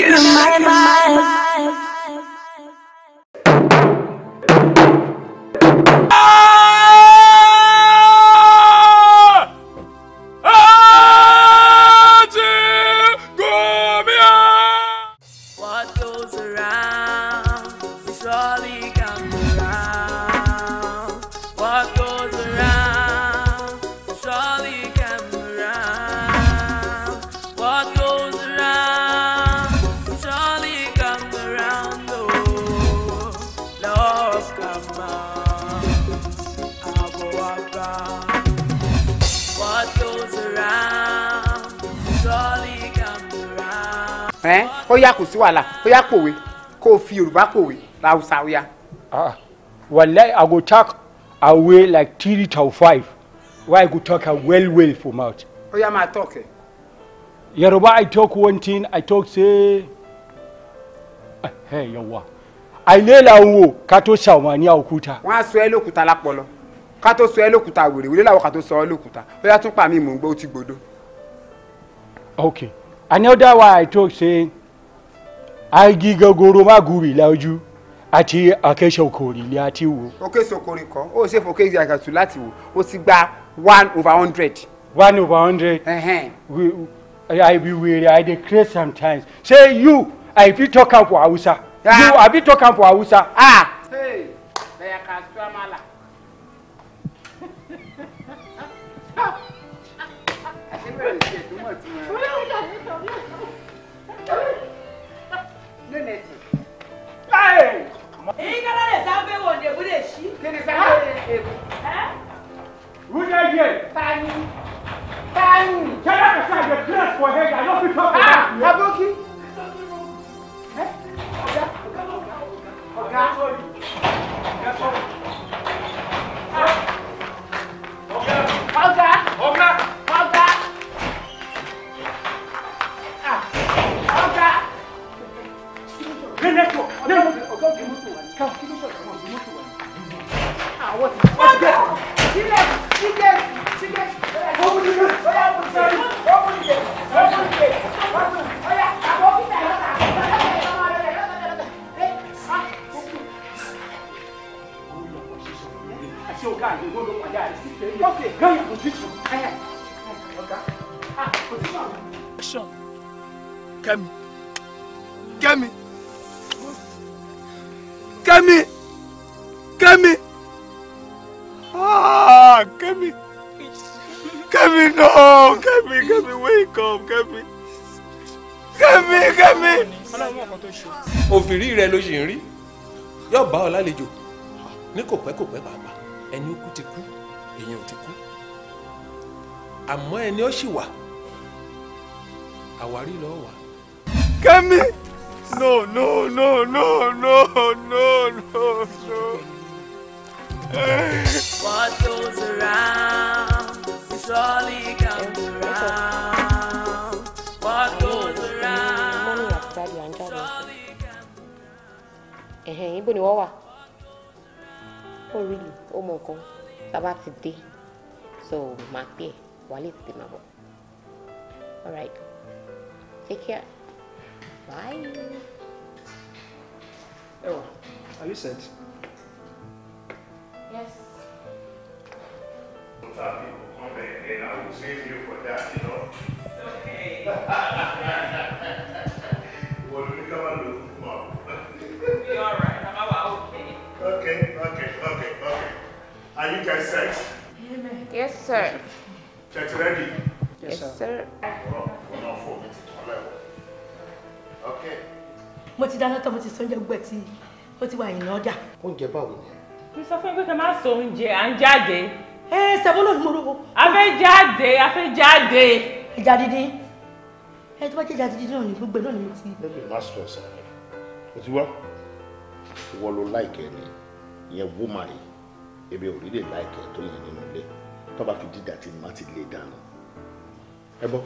Yes. oya pòwe kó o fi yorùbá pòwe láwùsá oya. wàlẹ́ i go talk away like three to five why i go talk am well well for mouth. oya máa talk ẹ. yorùbá i talk one thing i talk say eh, eh, yawa àìlera wo ká tó ṣàwọn ní òkúta. wọn á sọ ẹ lókúta lápọlọ ká tó sọ ẹ lókúta wèrèwèrè làwọn ká tó sọ ọ lókúta bóyá tún pa mí mò ń gbọ́ ó ti gbọ́dọ̀. okay another way i talk say agi gogoro maguri láojú àti àkẹ́sọ̀ òkòrì ilé àti wò. òkèsè òkòrì kan ó ṣe fò kéjì àgàtù láti wò ó ti gba one over hundred. one over hundred. i be were i dey craze sometimes say you i fit talk am for hausa. Ah. you i fit talk am for hausa. ah. Hey, they are casual mala. èyí kára lè sáfẹ́ wò ní èbúlé sí. kí ni sáfẹ́ èbú. wúlẹ̀ yẹ. tani tani. jẹ́lá kò sí àjẹ dress for head i no fit talk about ah! you. aboki. ọ̀gá. ọ̀gá. ọ̀gá. ọ̀rẹ́ nẹ́tọ̀ ọ̀rẹ́ ọ̀gá òkè mọ́tò wà ní káwọn kí ló ṣọ̀rọ̀ ọ̀gá mọ́tò wà ní. àwọn ti wọ́n ti bẹ̀rẹ̀ sílẹ̀ sílẹ̀ sílẹ̀ ọ̀gbìn ní ọ̀yà ọ̀gbìn ní ọ̀gbìn ní ọ̀gbìn ní ọ̀gbìn ní ọ̀yà àwọn ọ̀gbìn náà yọ̀ta ṣe ọ̀gá àgbẹ̀ wọ́n ló padà rẹ̀ sí pé lọ́kẹ̀ gẹ́yìn position ẹ̀yà ọ̀gá ah position. kẹ́mi kẹ́mi. Kemi, Kemi, ah Kemi, Kemi, no Kemi, Kemi, wake up Kemi, Kemi, Kemi. òfìrí rẹ ló ṣì ń rí yóò bá ọ lálejò ní kò pẹ́ kò pẹ́ pàápàá ẹni ó kú ti kú èèyàn ò ti kú àmọ́ ẹni ó ṣì wà àwárí lọ́ọ́ wà. kẹ́mi. No, no, no, no, no, no, no, no. What goes around surely comes around. What goes around surely comes around. eh. ni wọ́n wà? Oh really? Oh, my God. Sábà today, So my pè é, wàá lè tètè All right. Take care. Bye. Oh, are you set? Yes. And I will save you for that, you know. Okay. come and look tomorrow? Be alright. I'm about okay. Okay, okay, okay, okay. Are you guys set? Yes, sir. Check ready? Yes, yes sir. Oh, oh, mo ti dáná tán mo ti sọ oúnjẹ gbẹ tí ó ti wà yìí ní ọjà. oúnjẹ báwo ni. mi sọ fún yín pé kí n má sọ oúnjẹ à ń jáde. ẹ ṣàbọ̀ náà ni mo rò. a fẹ́ jáde a fẹ́ jáde. ìjà dídín ẹ tó bá jẹ́ ìjà dídín náà ni gbogbo náà ni mo ti. lẹ́bi má sọ ẹ̀sán rẹ̀ o ti wá ìwọ ló láìkẹ́ ni ìyẹn wó máa yìí ebi ò rí lè láìkẹ́ tó yẹn nínú ilé tó bá fi dídà tí má ti lè dànù ẹ bọ́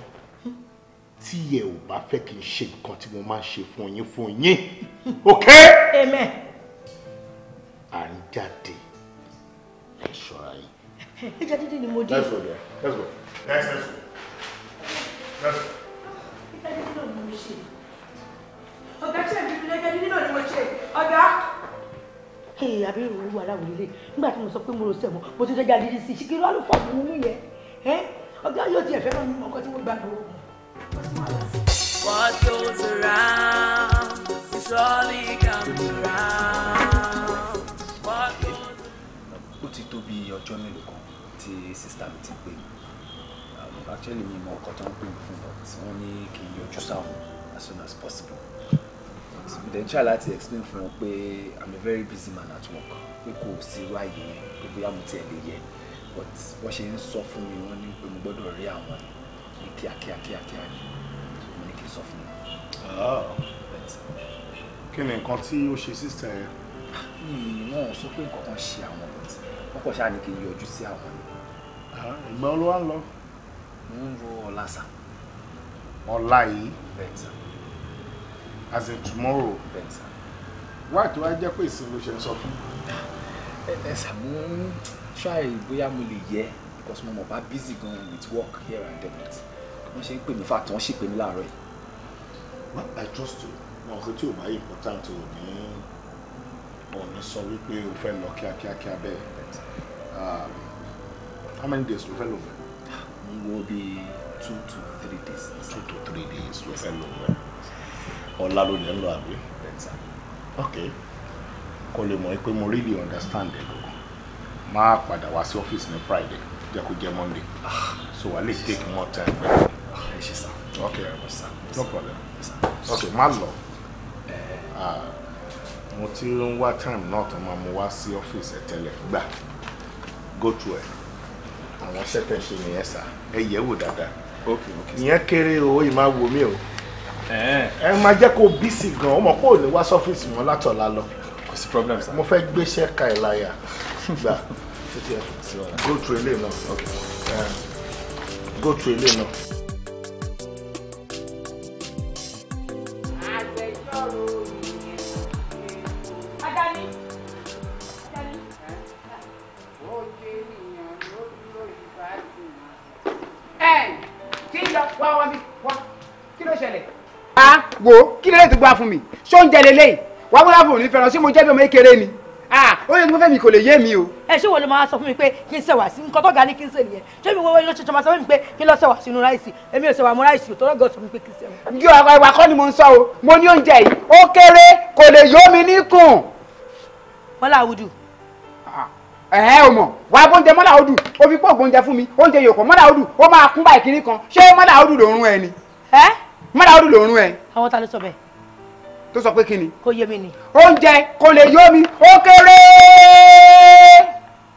tí ẹ ò bá fẹ́ kí n ṣe nǹkan tí mo máa ṣe fún yín fún yín ok. amen. à ń jáde ẹ ṣọ́ra yín. ẹ jáde dé ni mo dé. let's go there let's go let's let's go let's go. ìtàgé nínú ni mo ṣe ọ̀gá ṣe ìbílẹ̀ lẹ́gẹ̀ẹ́ nínú ni mo ṣe ọ̀gá. ee àbí ìròyìn wà láwùjọ ilé nígbà tí mo sọ pé mo rò sẹ́mo mo ti dẹ́jà dídí sí i ṣìkìrì wà ló fọ́ mi nínú yẹn ọ̀gá yóò tiẹ̀ fẹ́ràn mi mọ́kọ́ tí mo gbàgbọ́. What goes around surely comes around. What goes around. Ó ti tó bí ọjọ́ mélòó kan tí sísítà mi ti pè mí. Um, actually mi mọ ọkọ̀ tó ń pè mí fún but wọ́n ní kí n yọjú sáwọn as soon as possible. But then try láti explain fún wọn pé I'm a very busy man at work pé kò sí irú àyè yẹn pé bóyá mo tiẹ̀ lè yẹ but wọ́n ṣe ń sọ fún mi wọ́n ní pé mo gbọ́dọ̀ rí àwọn yẹn ní kíákíá kíákíá ni mo ní kí n sọ fún mi. Ah. kí ni nǹkan tí ó ṣe sísè yẹn. mi ò sọ pé nǹkan kan ṣe àwọn ọ̀rọ̀ tí wọ́n kọ̀ ṣáà ní kí n yọjú sí àwọn ni. Ah, ìgbà wo ló wá ń lọ. mo ń ro ọ̀la sà. ọ̀la yìí. bẹ́ẹ̀ as in tomorrow. bẹ́ẹ̀ sà. wáá tó wá jẹ́ pé ìsinmi ló ṣe ń sọ fún. Ah, ẹ ẹ sà mo ń ṣàì bóyá mo lè yẹ because mo mọ̀ bá busy gan with work here and there but ṣe ń pè mí fàtí wọ́n ṣì pè mí láàárọ̀ yìí. I trust you wọn kò tí ò bá important ò ní ò sọ wípé o fẹ́ lọ kíákíákíá bẹ́ẹ̀ um, how many days ló fẹ́ lò fẹ́. n wo bí two to three days. two to three days ló fẹ́ lò fẹ́ ọ̀la ló ní lọ àbí. Uh, ok kó lè mọ̀ pé mo really understand ẹ̀ lọ́kàn máa padà wá sí ọ́fíìsì ní Friday jẹ́ kó jẹ́ monday so i need take more time pẹ̀lú. ẹ ṣe sá. sir. no problem. Sir. ok má lọ. Ah, mo ti ń wá time náà tó máa mú office. sí ọ́fíìsì ẹ̀ tẹ́lẹ̀ gbà go through ẹ̀ àwọn sẹ́tẹ̀ ṣe nìyẹn sá ẹ yẹ̀ wò dáadáa ìyẹn kéré owó yìí máa wo mí o ẹ máa jẹ́ kó bísí gan-an ọmọ kó o ní wá sọ́fíìsì mọ́ látọ̀la lọ. kò sí problem sir. mo fẹ́ gbéṣẹ́ ka ẹ̀ láyà gbà. go through eléyìí náà okay um, go through eléyìí náà. wo kí lè lè tó gbá fún mi ṣó ń jẹ lélẹ́yìn wàá wúlò àbùrù ní fẹ́ràn sí mo jẹ́ bí ọmọ kékeré ni. Ah! ó yẹ kí mo fẹ́ mi kò lè yé mi o. ẹ ṣé wo ló máa sọ fún mi pé kí n ṣẹ̀wà sí nǹkan tó ga ní kí n ṣe nìyẹn ṣé mi wo ló ṣe máa sọ fún mi pé kí n lọ ṣẹ̀wà sínú ráìsì èmi ò ṣẹ̀wà mú ráìsì ò tọ́lọ́gọ̀ sọ fún mi pé kí n ṣẹ̀wà. bí ọ̀rọ̀ ìwà kọ́ ni mo ń sọ o mo ní oúnjẹ yìí ó kéré kò lè yó mi níkùn. mọ́lá àwùjù. ẹ ò mọ̀ wá bóúnjẹ mọ́lá àwùjù ó fi pọ̀ bóúnjẹ fún mi oúnjẹ yòókù mọ́lá àwùjù ó máa kún báyìí kiri kan ṣé mọ́lá àwùjù lòórùn ẹ ni. ẹ mọ́lá àwùjù lòórùn ẹ. àwọn ta ló sọ bẹ́ẹ̀ tó sọ pé kí ni. kò yé mi ni. oúnjẹ kò lè yó mi ó kéré.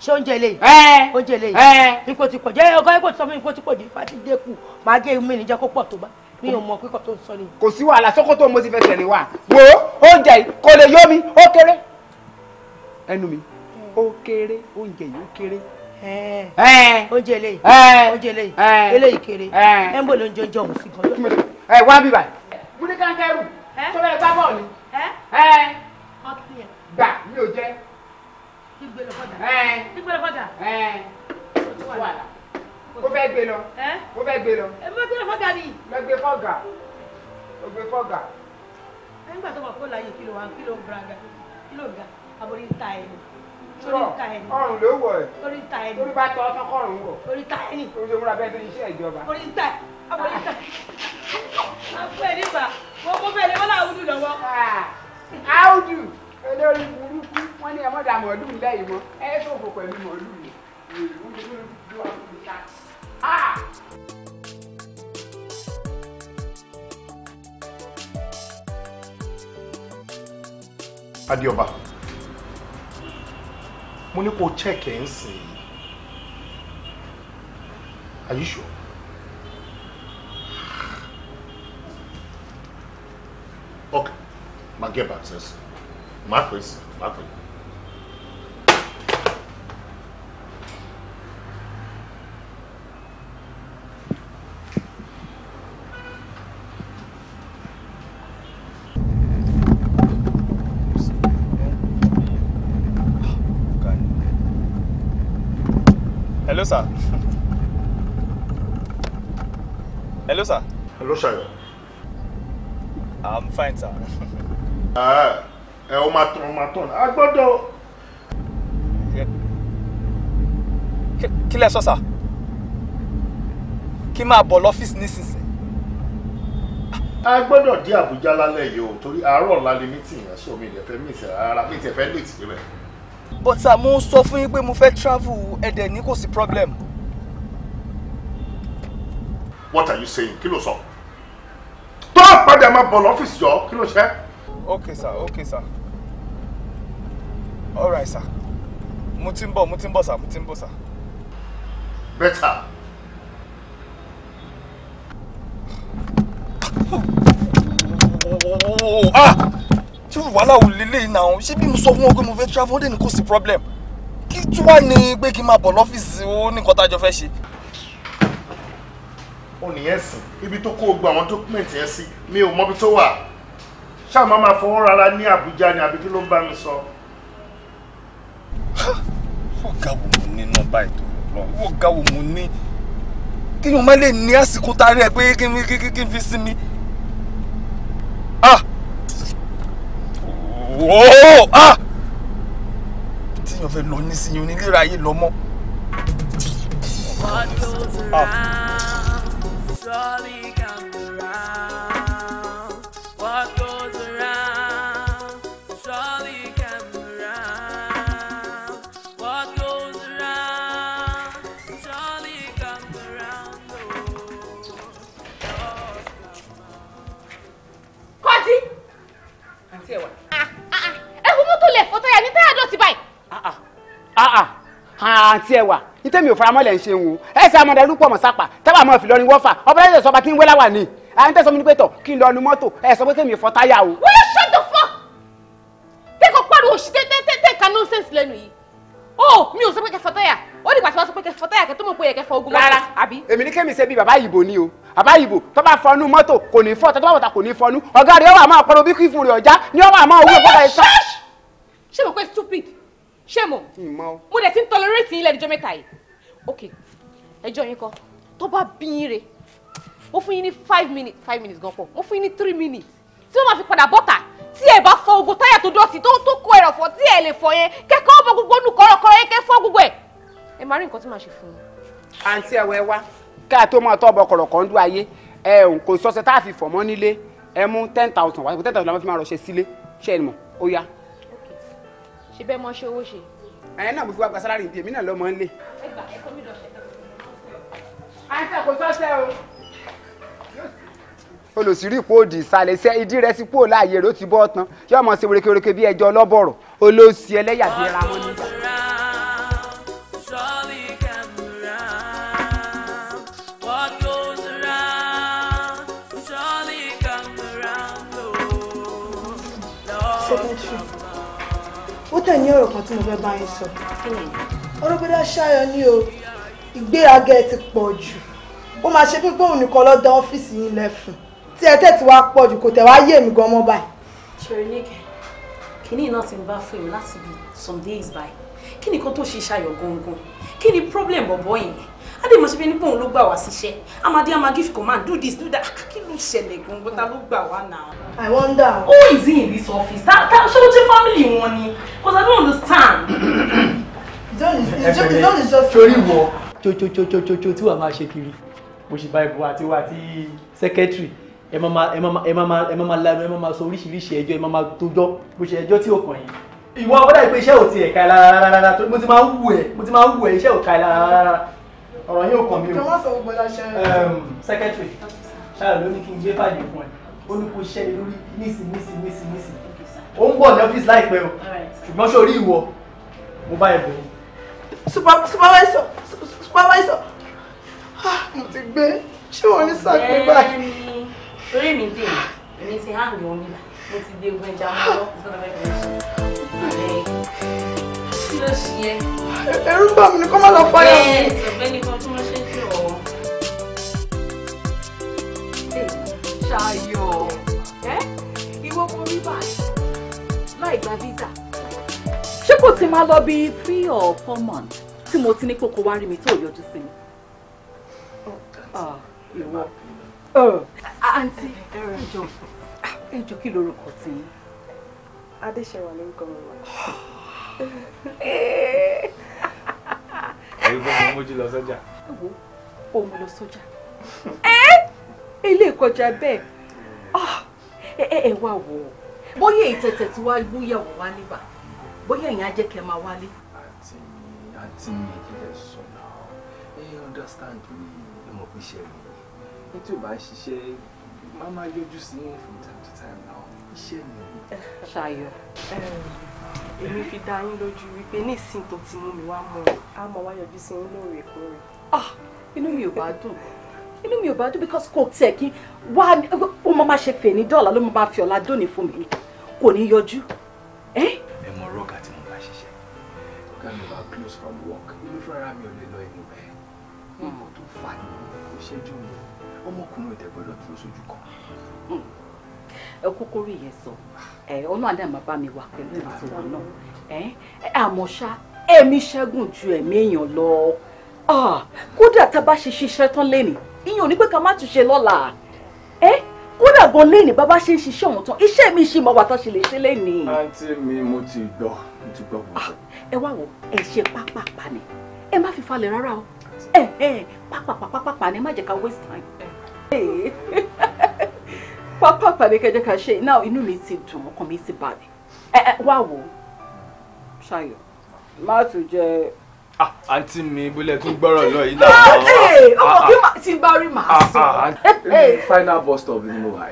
ṣé oúnjẹ lè. ẹ oúnjẹ lè. ẹ ipò tí kò jẹ́ ọgọ́ ipò tí sọ fún ipò tí kò jẹ́ fati dẹ́kù màá gé mi níjẹ́ kó pọ̀ tó bá mi ò mọ kíkọ tó ń sọ ni. kò sí wàhálà sókòtò mo ti fẹ́ tẹ̀lé wa wo oúnjẹ kò lè yó mi ó kéré ẹnu mi ó kéré oúnjẹ yìí ó kéré oúnjẹ eléyìí oúnjẹ eléyìí eléyìí kéré ẹ ń bò lóúnjẹ oúnjẹ ọ̀hún sí gan. ẹ wá bíbá. múni kankan tó bẹ́ẹ̀ gbá bọ́ọ̀lù gbà mi ò jẹ́ gbígbé lọ fọjà ó fẹ́ gbé lọ ó fẹ́ gbé lọ ẹ mọ gbé lọ fọgà ni lọ gbé fọgà lọ gbé fọgà. nígbà tó mọ̀ kó láàyè kí ló wà kí ló ń braga kí ló ń ga aborí ń ta ẹni ọrùn ló wọ ẹ orí ta ẹni orí bá tọ ọtán kọrùn wọ orí ta ẹni orí tó múra bẹ́ẹ̀ tó ṣiṣẹ́ ìjọba orí ta aborí ta. àbúrò nígbà wọn kó fẹ́ lé wọn láwùjù lọ́wọ́. áùdù olórí burúkú wọn ní ẹmọdà mọlú ńlẹ yìí mọ ẹ ṣòfò pẹ̀lú mọlú yìí wọn kò lórí ju àbúrò ta. Adéọba mo ní kó check ẹ̀ ń sìn yìí are you sure? máa get back sẹ́sì máa pè sí máa pè. Hello, sir. Hello, sir. Hello, Shayo. I'm fine, sir. ẹ ọ máa tán ọ máa tán a gbọ́dọ̀. kí lẹ sọ sà kí máa bọ̀ lọ́fíìsì nísinsìnyí. a gbọ́dọ̀ dé Àbújá lálẹ́ yìí o torí àárọ̀ ọ̀la lè mí tì yẹn sómi ìdẹ̀fẹ́ mi ìsẹ̀ rárá mi ìtẹ̀fẹ́ lè tì rẹ̀. bọ́tà mo ń sọ fún yín pé mo fẹ́ travel ẹ̀dẹ̀ ní kò sí problem. what are you saying kí ló sọ tó àpàdé a máa bọ̀ lọ́fíìsì jọ kí ló ṣe é okay sir okay sir all right sir mo ti ń bọ̀ mo ti ń bọ̀ sir mo ti ń bọ̀ sir. better. ah tí wàhálà ò lélẹ̀ náà ṣé bí mo sọ fún wọn pé mo fẹ́ travel ó dé ní kò sí problem kí tí wàá ní pé kí n máa bọ̀ lọ́fíìsì ó ní nǹkan tá a jọ fẹ́ ṣe ó nìyẹn sìn ibi tó kó gbogbo àwọn dókúmẹ̀ntì yẹn sí mi ò mọbi tó wà ṣáà máa fọwọ́ rárá ní Àbújá ni àbí kí ló ń bá mi sọ. ọ̀gá wo mo ní nọ́mbà ètò ìrọ̀lọ́ ọ̀gá wo mo ní kí ni mo máa lè ní àsìkò tárí ẹ pé kí n fi sinmi. ah ooo ah fẹ́ lọ nísìnyí onílera yìí lọ mọ́. What goes ah! around, surely Ah, ah. àǹtí ẹwà ìtẹ́mi ò faramọ́lẹ̀ ń ṣe ń wo ẹ̀sẹ̀ amọ̀dẹ́rú pọ̀ mọ̀ sápà tábà mọ̀ fìlọrin wọ́fà ọbẹ̀rẹ̀ sọ̀ba tí ń wẹ́lá wà ní à ń tẹ̀sọ́ mi ní pẹ̀tọ̀ kí n lọ nu mọ́tò ẹ̀ sọ pé kémi fọ táyà o. wọ́n yóò shut the fuck tẹ́kọ̀ pariwo òṣì tẹ́tẹ́tẹ́ ka nonsense lẹ́nu yìí o oh, mi ò sọ pé kẹ́ fọ táyà ó dìgbà tí wọ́n sọ pé kẹ́ fọ táyà kẹ́ tó mọ̀ pé yẹ kẹ́ fọ ogun mọ́tò. rárá àbí. èmi ní kémi ṣe bíi bàbá ìbò ni o bàbá ìbò tó bá fọnú mọ́tò kò ní fọ́ tó bá wọ̀ta kò ní fọnú ọ̀gá rẹ̀ ó wà máa pariwo bí kí fún rẹ̀ ọ̀já ni ó wà máa owó ṣé mo mo dẹ̀ ti ń tolerate yín lẹ́nu jọ mẹ́ta yìí ok ẹjọ́ yín kọ́ tó bá bí yín re mo fún yín ní five minutes five minutes gan pọ̀ mo fún yín ní three minutes tí wọ́n máa fi padà bọ́ta tí ẹ bá fọ ogun táyà tó dọ̀tí tó tó kó ẹrọ̀ fọ tí ẹ lè fọ yẹn kẹ́kọ́ ọmọ gbogbo nù kọ́rọ́kọ́rọ́ yẹn kẹ́ fọ́ gbogbo ẹ̀ ẹ máa rí nǹkan tí màá ṣe fún yín. àǹtí ẹ̀wẹ̀ wá ká tó máa tọ́ ọbọ̀ kọ̀rọ̀kọ̀ ń dún ayé ẹ ò kò sọ́sẹ̀ tá a fi fọ̀ mọ́ nílé ẹ mú ten thousand wá ten thousand la máa fi máa rọ̀ṣẹ́ sílé ṣé ẹ mọ̀ ó yá ṣe bẹ́ẹ̀ mọ́ ṣe owó ṣe. àyẹ̀ náà mo fi wá gba sálárì ìdí èmi náà lọ́mọ ń lé. ẹ gbà ẹ kọ́ mi lọ ṣẹ́ àìsàn kò sọ́sẹ́ o. olùsírí ipò òdì ìsàlẹ̀ iṣẹ́ ìdí rẹ̀ sí pò láàyè rẹ̀ ó ti bọ́ tán yóò mọ̀ sí wérékèwérékè bí ẹjọ́ ọlọ́bọ̀rọ̀ olóòsì ẹlẹ́yàbí ẹra wọn nígbà. dẹ̀ ní ọ̀rọ̀ kan tí mo fẹ́ bá yín sọ olóbìnrin aṣáyọ ní o ìgbéraga ẹ ti pọ̀ jù ó máa ṣe pípé òun nìkan lọ́dọ̀ ọ́fíìsì yín lẹ́fun tí ẹ tẹ̀ tí wàá pọ̀ jù kò tẹ̀ wá yé mi gan mọ́ báyìí. ṣeréníkẹ kínní náà ti ń bá fún mi láti bí some days by kí ni kó tó ṣe ṣayọ gangan kí ni problem bọ̀bọ̀ yẹn adé mo ṣe fẹ́ ní pòun ló gbà wá síṣẹ́ amadi ama give command do this do that ah, kí ló ṣẹlẹ̀ gbọ̀ngàn ta ló gbà wá náà. i wonder. who is in this office that that ṣé o family wọn ni because i don't understand. john is john is just. torí wọ chochochochocho tí wàá máa ṣe kiri mo ṣe bá ibo àti wa àti secretary ẹ máa máa ẹ máa máa lanu ẹ máa máa sọ oríṣiríṣi ẹjọ́ ẹ máa máa tójọ́ bó ṣe ẹjọ́ tí ò kàn yín ìwọ abọ́dà ìpè iṣẹ́ ò tiẹ̀ ká ẹ lára rárá mo ti máa ń wù ẹ mo ti máa ń wù ẹ iṣẹ́ ò ká ẹ lára rárá ọ̀rọ̀ yóò kàn mí o. jọ̀wọ́ sọ gbogbo láṣẹ. secretary ṣáà ló ní kí n gbé fàyè fún ẹ ó ní kó ṣẹ́ lórí nísìn nísìn nísìn nísìn ó ń bọ̀ ní ọ́fíìsì láìpẹ́ o ṣùgbọ́n sórí ìwọ mo bá ẹ̀ bọ̀ supervisor supervisor ah, mo ti gbé ṣé wọn ní sáàkì báyìí. bẹ́ẹ̀ni torí mi dé mi ti hàn yóò nílà mo ti dé ogun ẹja mọ lọ sọ́dọ̀ mẹfẹ ṣe kí ló ṣe yẹ. ẹ̀rù bà mí ni kó má lọ fọyọ. bẹ́ẹ̀ ọ̀gbẹ́ni kan tí wọ́n ṣe ń ṣe ọ̀wọ́. ṣayọ ìwọ kan rí báyìí láì gba visa. ṣé kò ti máa lọ bíi three or four months tí mo ti ní kókó wá rí mi tó yọjú sí mi. ìwọ àǹtí ẹjọ ẹjọ kí lorúkọ tí. adéṣẹwà lórúkọ mi wà ẹ̀yin gbọ́dọ̀ mojú lọ sọ́jà. wo òun lọ sọ́jà ilé ìkọjá bẹ́ẹ̀ ah, ẹ ẹ wá wò ó bóyá ìtẹ̀tẹ̀ tí wàá gbúyàwó wá níbà bóyá ìyẹn á jẹ́ kẹ́ máa wálé. àǹtí mi àǹtí mi ìdílé sọ náà ẹ understand mi ẹ mọ̀ pé from time to time náà iṣẹ́ èmi fi dá yín lójú wípé ní ìsìn tó ti mú mi wá mọ́ ọ á mọ wá yọjú sí yín lóòrèkóòrè. ah inú mi ò bá dùn inú mi ò bá dùn because kò tiẹ̀ kí wá ó máa ṣe fè ní dọ́là ló máa fi ọ̀la dóni fún mi kò ní yọjú. ẹ mọ rọgà tí mo bá ṣiṣẹ́ ọ̀gá mi wà close from work inú fúnra mi ò lè lọ ẹnu bẹ́ẹ̀ mo tó fà ní kò mi ọmọkùnrin ò tẹ́ dúró sójú kan. Hmm ẹ kúkúrú ìyẹn sọ ẹ ọ̀nà àdá máa bá mi wà pẹ̀lú èmi tí wà náà ẹ àmọ́ ṣá ẹ̀mí ṣẹ́gun ju ẹ̀mí èèyàn lọ kódà tá a bá ṣe ṣiṣẹ́ tán lẹ́nìí ìyẹn ò ní pé ká má tún ṣe lọ́la ẹ kódà gan lẹ́nìí bá bá ṣe ń ṣiṣẹ́ ọ̀hún tán iṣẹ́ mi ṣì máa wà tá a ṣe lè ṣe lẹ́nìí. àǹtí mi mo ti gbọ́ mo ti gbọ́ gbogbo. ẹ wá wo ẹ ṣe pápá pa ni ẹ má fi falẹ̀ rárá o ẹ ẹ pápá pápá ni ẹ má jẹ́ ká waste time pápápá bí kẹjẹ ká ṣe náà inú mi ti dùn ọkàn mi ti balẹ̀ ẹ ẹ wá wò ó ṣayọ má tún jẹ. Ah, àǹtí mi bólẹ̀ tún gbọ́rọ̀ lọ yìí náà. Ah, eh, eh, ah, ọmọ kí màá ti bá rí màá sọ. Eh, final bus stop ni mo wà.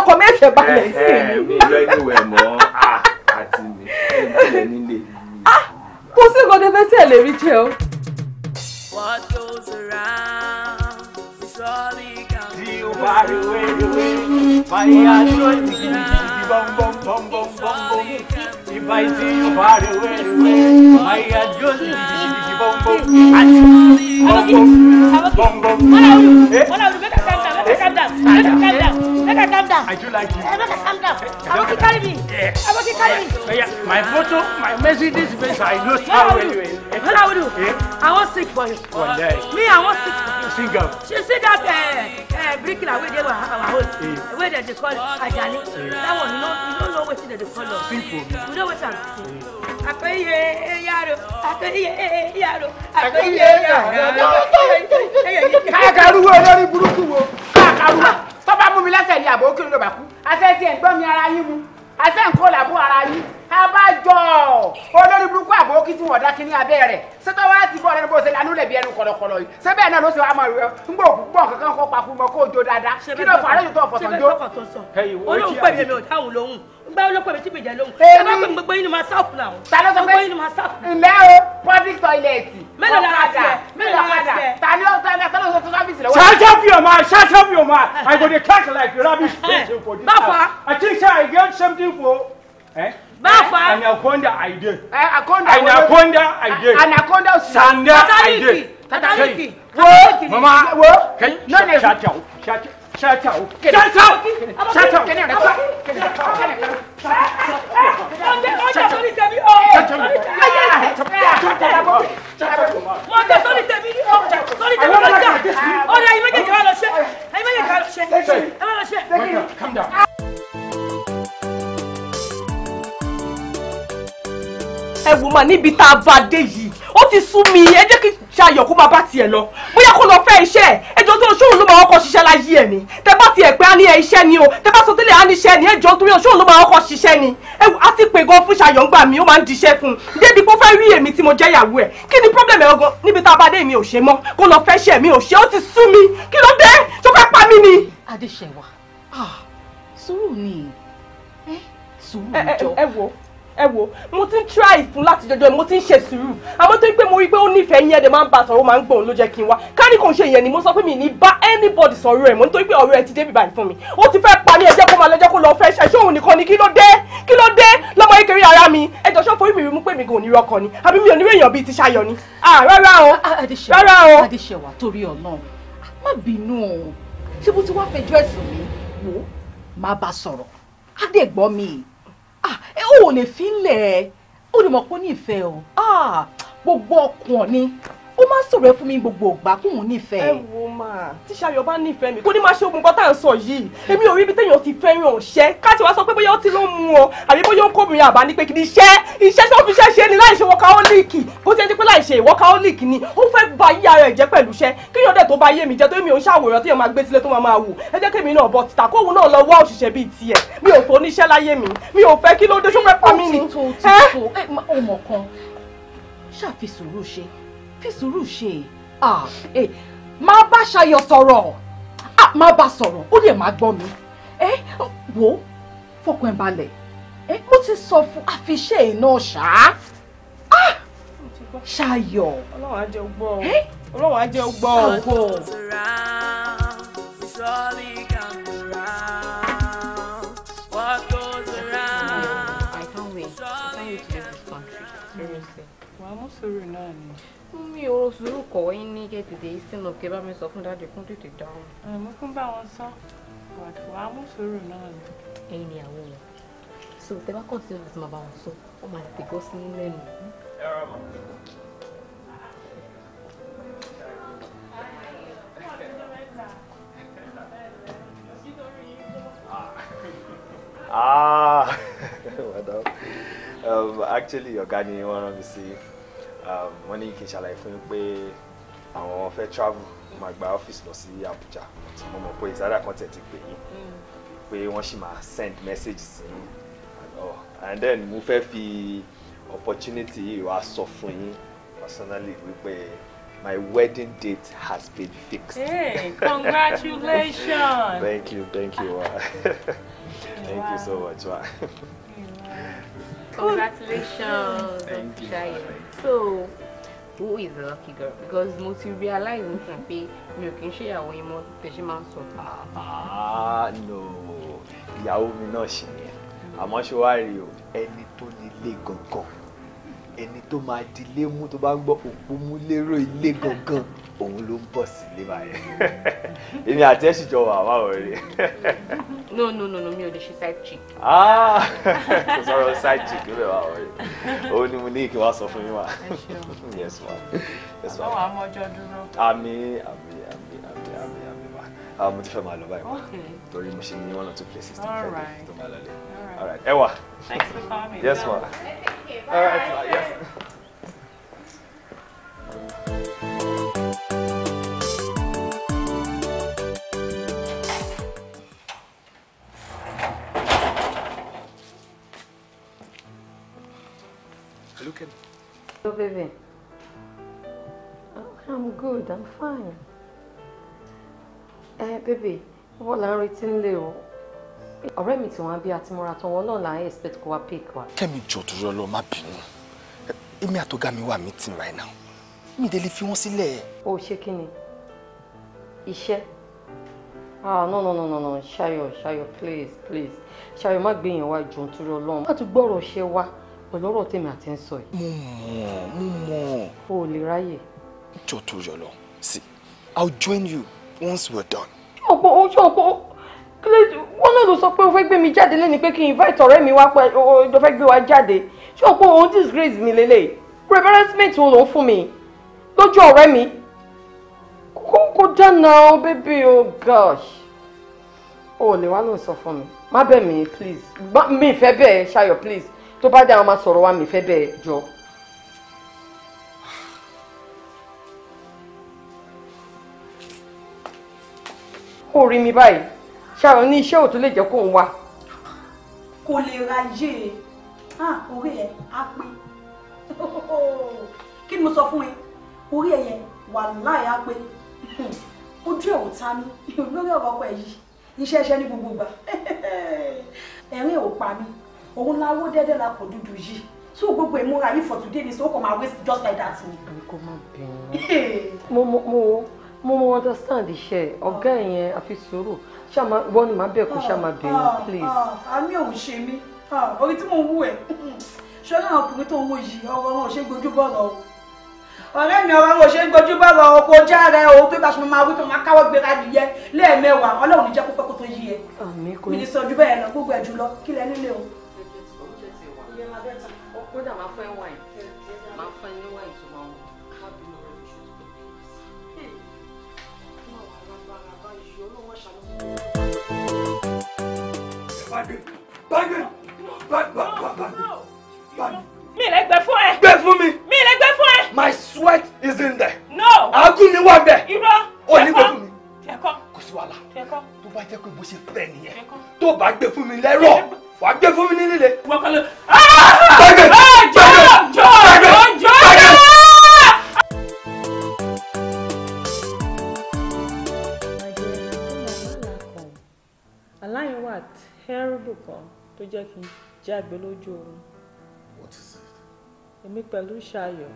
ọkọ mi ẹ̀fẹ̀ balẹ̀ sí i. mi lọ inú ẹ̀ mọ́ àǹtí mi ẹ̀ nílé. kò sí nǹkan fẹ́ sí ẹ̀ lè rí jẹ́ o. What goes around is surely you far away, away. My heart was beating, bum bum bum bum bum bum. I see you far away, I adjust the bum bum. Bum bum. Make her calm down, make her calm down, make her calm down, make her calm down. I do like you. Make her calm down. Aboki carry me. Aboki carry me. Yeah, my photo, my Mercedes Benz, I know how well you are. What I will do? I want sick for you. One day. Me, I want sick for you. Sing out. She sing out uh, eh, uh, eh, Bricklayer where they were our home. Where they call it Ajani. That one, you don't know what they call us. Simple. You know what samson akɔyie yaro akɔyie yaro akɔyie yaro káàkàrúwò olórí burúkú wo káàkàrúwò tó bá mú mi lẹ́sẹ̀ ní àbò òkèrè ló bá kú àṣẹ ti ẹ̀ ń gbọ́ mi ara yín mu àṣẹ ń kó làbó ara yín abájọ olórí burúkú àbò òkè tí wọ́n dá kí ní abẹ́ rẹ̀ sọ́tọ́ wá ti bọ́ ọ̀rẹ́ni bó ṣe lanú lẹ̀bi ẹnu kọ̀lọ̀kọ̀lọ̀ yìí ṣé bẹ́ẹ̀ náà ló ṣe wá mọ̀ rẹ̀ ń gbọ́ òkú gbọ́ kankan kó papò mọ́ kó jo dáadáa kí ló fọ àrẹ́jù tó fọ̀tàn jó. olóhùn pè mí mi ò táwọn lóhùn gbá olóko mi tí mi jẹ lóhùn. èmi sábà gbogbo inú ma sáàpù làwọn. ta ló sọ pé ǹlẹ́ o public toilet. mélòó lára tiẹ̀ mélòó lára tiẹ̀. ta ni ó ta ni ó sọ service lọ́wọ́. shut up your mouth shut up your mouth i go dey catch like rubbish person eh, eh. for this house. bàbá i think say i get something for. Eh? Bafa. Eh, anaconda I dey. Eh, aconda. Anaconda I dey. Anaconda o si. Sanda I dey. Tatariki. Tatariki. Wo mama wo. No ne. Shut up. Shut up. Shut up! Shut up! Shut up! Shut up! Shut up! Calm down. ẹ wò mà níbi tá a bá dé yìí ó ti sú mi ẹ jẹ́ kí ṣayọ̀ kó máa bá tiẹ̀ lọ bóyá kó lọ fẹ́ iṣẹ́ ẹ̀ ẹjọ́ tó ṣóun ló máa kọ́ ṣiṣẹ́ láyé ẹ̀ ni tẹ bá tiẹ̀ pé á ní ẹ iṣẹ́ ni o tẹ bá sọ tẹ́lẹ̀ á ní iṣẹ́ ni ẹjọ́ torí ṣóun ló máa kọ́ ṣiṣẹ́ ni ẹ á ti pè gan fún ṣayọ̀ ńgbà mi ó máa ń diṣẹ́ fún un débi pé ó fẹ́ rí èmi tí mo jẹ́ ìyàwó ẹ̀ kí ni pọ́blẹ̀mù ẹ̀ gan níbi tá a bá dé mi ò ṣe mọ́ kó lọ fẹ́ ṣẹ́ mi ò ṣe ó ti sú mi kí ló dé ẹ wo mo ti ń try fún láti jọjọ mo ti ń ṣe sùúrù àmọ́ tó ń pé mo rí pé ó nífẹ̀ẹ́ yẹn dẹ̀ máa ń bá sọ̀rọ̀ ó máa ń gbọ̀n ló jẹ́ kí n wá kárí kò ń ṣe yẹn ni mo sọ pé mi ní bá anybody sọ̀rọ̀ ẹ̀ mo nítorí pé ọ̀rọ̀ ẹ ti débi báyìí fún mi ó ti fẹ́ pa mí ẹ jẹ́ kó máa lọ jẹ́ kó lọ fẹ́ ṣe ṣóhun nìkan ni kí ló dé kí ló dé lọ́mọ kékeré ara mi ẹ jọ sọ́fọ́ ìbìrì mú pé mi kò ní rọkọ ni àbí mi ò ní rèèyàn bíi ti ṣayọ ni rárá o rárá o. adéṣèwà torí ọlọ́run má bínú o ṣé bó ti wá fẹjọ́ ẹ̀sùn mi wò má bá sọ̀rọ̀ á dẹ̀ gbọ́ mi Ah, ẹ ò lè fi ń lẹ̀ ẹ́ ó lè mọ̀ pé ó ní ìfẹ́ o ah, gbogbo ọkùn ọ̀ ni ó máa ń sọ̀rọ̀ ẹ fún mi gbogbo ògbà kún òun nífẹ̀ẹ́. ẹ wo máa tí Ṣayọ̀ bá nífẹ̀ẹ́ mi kò ní máa ṣe ogun bọ́tà ń sọ yìí èmi ò rí ibi téèyàn ti fẹ́ràn ọ̀ṣẹ́ káàtì wá sọ pé bóyá ó ti ló mú ọ àbí bóyá ó ń kóbìnrin àbá ní pé kìdí iṣẹ́ iṣẹ́ tí wọ́n fi ṣẹ́ ṣe ni láì ṣe wọ́káólíìkì bó ti ẹ ti pé láì ṣe ìwọ́káólíìkì ni ó fẹ́ ba yí ara jẹ́ pẹ̀lú iṣẹ́ kí ló dé ṣe fi sùúrù ṣe máa bá ṣayọ sọ̀rọ̀ máa bá sọ̀rọ̀ ó lè máa gbọ́ mi wò ó fọkàn ẹ̀ balẹ̀ mo ti sọ fún àfiṣe iná ṣá ṣayọ. ọlọ́wàá jẹ́ gbọ́ ọ ọlọ́wàá I'm also Renani sùúrù kọ̀wé ní que tètè sínú kí bá mi sọ fún dáàdì kún tètè dáhùn. mo fún bá wọn sọ pàtó wàá mú sùúrù náà ni. ẹ̀yin ni àwọn èèyàn so tẹ bá kàn sí ọ̀rọ̀ tí màá bá wọn sọ ó máa tètè gbọ́ sí ah madam um, actually ọ̀gá ni wọ́n rán mi sí. Um, wọ́n ní kí n ṣàlàyé fún yín pé àwọn fẹ́ travel máa gba ọ́fíìsì lọ sí Abuja mo mọ̀ pé ìsára kan tẹ̀ ti pè yín mm. pé wọ́n sì máa send message sí yín oh, and then mo fẹ́ fi opportunity yìí wá sọ fún yín personally wípé my wedding date has been fixed. Hey, congratulations! thank you, thank you. Wa. thank you so much. Wa. Congratulations. Thank you so who is the lucky girl because mo ti realize nǹkan pé mi ò kì í ṣèyàwó yín mọ́ tẹ̀sí máa ń sọ. ah no ìyàwó mi náà ṣì yẹn àmọ́ ṣe wá rí o ẹni tó nílé gangan ẹni tó máa dilé mú tó bá gbọ́ òpó mú lérò ilé gangan òun ló ń bọ̀ sílé báyẹn èmi àti ẹ̀ sì jọ wà wá ọ̀rẹ́. no no no no mi ò lè ṣe side chick. Ah! kò sọ̀rọ̀ side chick ló bẹ̀ wá ọ̀rẹ́ òun ni mo ní kí wàá sọ fún mi wá. yes ma yes ma. àwọn amọ̀jọ dúró. àmì àmì àmì àmì àmì àmì ma ah, àwọn mo ti fẹ́ máa lọ báyìí ma torí mo ṣe ní one or two places tó fẹ́ dé tó máa lọ ẹ wà. thanks for coming. yes ma. all right ma yes. Thank you. So, baby, oh, I'm good, I'm fine. Eh, baby, what are you doing o? ọ̀rẹ́ mi tí wọ́n bí àti múra tán wọn náà là ń expect kó wá pick wa. kẹ́mi jọ tó yọ lọ má bínú èmi àtọ́gá mi wà meeting right now mi dé lè fi wọ́n sílẹ̀. o ṣe kí ni ah no no no no no ṣayọ ṣayọ please please ṣayọ má gbìyànjú wa jù nítorí Ọlọ́run má tún gbọ́rọ̀ ṣe wa pẹ̀lú ọ̀rọ̀ tèmi àti ń sọ yìí. mo mọ̀ mo mọ̀. o ò lè ráyè. jọ tó yọ lọ sí i will join you once we are done. ọ̀pọ̀ ojú ọ̀pọ̀ wọ́n náà ló sọ pé o fẹ́ gbé mi jáde lẹ́ni pé kí n invite ọ̀rẹ́ mi wá pé o jọ fẹ́ gbé wa jáde ṣé o pé òun disgrace mi lélẹ̀ reverendment wo ló ń fún mi lójú ọ̀rẹ́ mi kó kó dáná o bébí o oh gosh o ò lè wá lóun sọ fún mi má bẹ̀ mí please mi ìfẹ́ bẹ́ẹ̀ ṣayọ̀ please tó bá dé àwọn máa sọ̀rọ̀ wa mi fẹ́ bẹ́ẹ̀ jọ. kó rí mi báyìí ṣàrùn ní iṣẹ́ òtún lè jẹ́ kó ń wá. kò lè ráyè orí ẹ á pé kí ni mo sọ fún ẹ orí ẹ yẹn wàláhì á pé ojú ẹ̀ ò ta mí lórí ọ̀rọ̀ ọkọ ẹ̀ yìí iṣẹ́ iṣẹ́ ní gbogbo gbà ẹ̀rín ò pa mí òun láwó dẹ́dẹ́ la kò dúdú yìí so gbogbo ìmúra yìí for today ni so kò máa waste just like that kò má bẹ̀rẹ̀ mo mo understand iṣẹ́ ọ̀gá yẹn àfi sùúrù ṣàmà wọ́n ni màá bẹ̀ kó ṣàmà bẹ̀rẹ̀ ah, ah, please. Ah, àmì òun ṣe mí orí tí mò ń wù ẹ́ ṣọlá ọkùnrin tó ń wò yìí ọ̀rọ̀ wọn ṣe gbójú bọ̀rọ̀ o ọ̀rẹ́ mi ọ̀rọ̀ wọn ṣe gbójú bọ̀rọ̀ o kò já rẹ o pé bá a ṣe máa wí tó máa káwọ́ gbéra nìyẹn lẹ́ẹ̀mẹwàá ọlọ́run ní jẹ́ kó kó tó yí ẹ mi ní sọ ju bẹ́ẹ̀ lọ gbogbo ẹ̀ jù lọ kí nílé o kódà máa fẹ́ wáìn máa fẹ́ ní wáìn tó máa wọ̀. mi lè gbẹ fún ẹ. gbẹ fún mi. mi lè gbẹ fún ẹ. my sweat is in there. no. àágùn mi wà bẹ́ẹ̀. irọ́ o ní gbẹ fún mi. kò sí wàhálà tó bá jẹ́ pé bó ṣe fẹ́ nìyẹn tó bá gbẹ fún mi lẹ́rọ̀ wàá gbé fún mi ní líle. wọ́n kọ́ lọ. gbàgbé ah! Ah! gbàgbé gbàgbé gbàgbé. aláyẹ̀wò àtẹ́rùbù kan tó jẹ́ kí n jágbe lójú oorun. What is it? èmi pẹ̀lú ṣayọ̀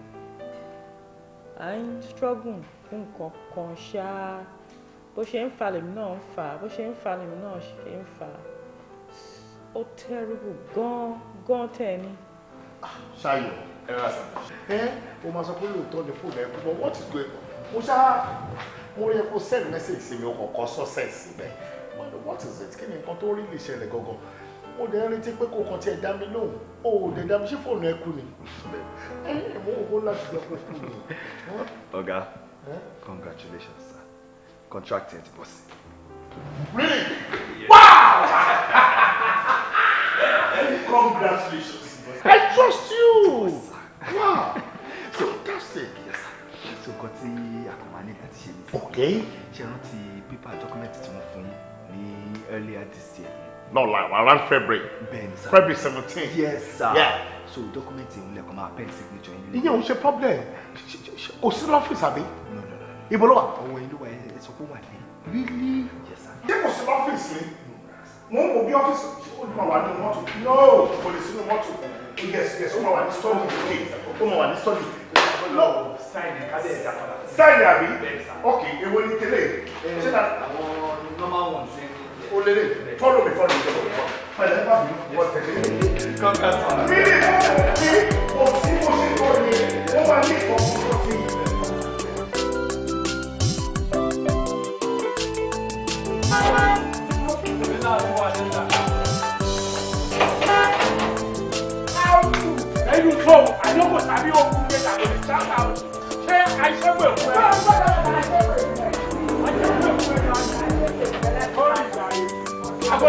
à ń struggle fún nǹkan kan ṣáá bó ṣe ń fa lèmi náà ń fà bó ṣe ń fa lèmi náà ṣe ń fà á. Oh terrible! gan-an gan-an tẹ̀ ni. ṣayọ ẹ rà sàn. ẹ o máa sọ pé lóòótọ́ ni fóònù ẹ kú mọ́ wọ́n ti gbé mo ṣá mo rí ẹ kó send message sí mi o kò kọ́ success síbẹ̀ mo ní what is it kí ni nǹkan tó rí lè ṣẹlẹ̀ gangan mo dẹ̀ retí pé kò kàn tiẹ̀ dá mi lóhùn o ò dẹ̀ dá mi sí fóònù ẹ kú ni ẹ mo wò ó láti lọ fún kú ọ̀gá congratulations sir contract yẹn ti bọ̀ sí. really? yes. wow! Congratulations. I trust you. Wow. Fantastic. So nǹkan tí àkànmá ní láti ṣe ní sí. Okay. Ṣé rántí pípa document tí wọ́n fún ní earlier this year? No like around February. Bẹ́ẹ̀ni sir. February seventeen. Yes sir. Yeah. So document ìwúlẹ̀ ẹ̀kọ́ máa pen signature yín. Ìyẹn ò ń problem. Kò sí lọ́fíìsì àbí? No no no. Ibo ló wà? Ọwọ́ yín ló wà ẹ̀ sọ pé wà Really? Yes sir. Ṣé kò sí office. ni? mo ń wo bí ọ́fíìsì ó ma wà nínú mọ́tò no kò lè sínú yes yes ó ma wà ní sọ́ọ̀dì ìdílé ó ma wà ní sọ́ọ̀dì no sáìnì àbí ok èwo ni tẹ́lẹ̀ ṣé na àwọn normal ones ẹni ó lélẹ̀ follow me follow me follow me pẹ̀lẹ́ ẹ bá mi wọ́n tẹ̀lé mi ní mo ti mo ti kọ́ ni wọ́n máa ní ìkọ̀ọ̀kan sí àbí okùn mi tàbí ní sáńtà o ṣé àìṣẹ́wé òkú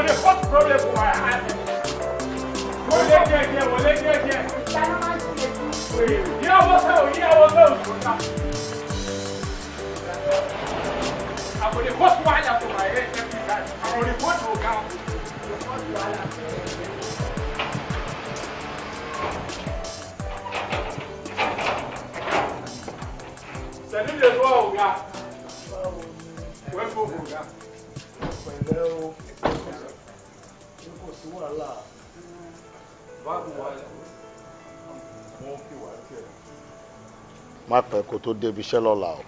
the first problem for my hand. Wọlé díẹ̀díẹ̀ wọlé díẹ̀díẹ̀. Yíyá wọ́n sẹ́ o yíyá wọ́n the first wahala for my head every time. Àwọn olùkọ́ tó ga. sẹ́ni lè wá ọ̀gá wẹ́gbọ̀ ọ̀gá. pẹ̀lẹ́ o n kò sí wàhálà báàbù wa wọ́n fi wá tiẹ̀. má pẹ́ kó tó débi iṣẹ́ lọ́la o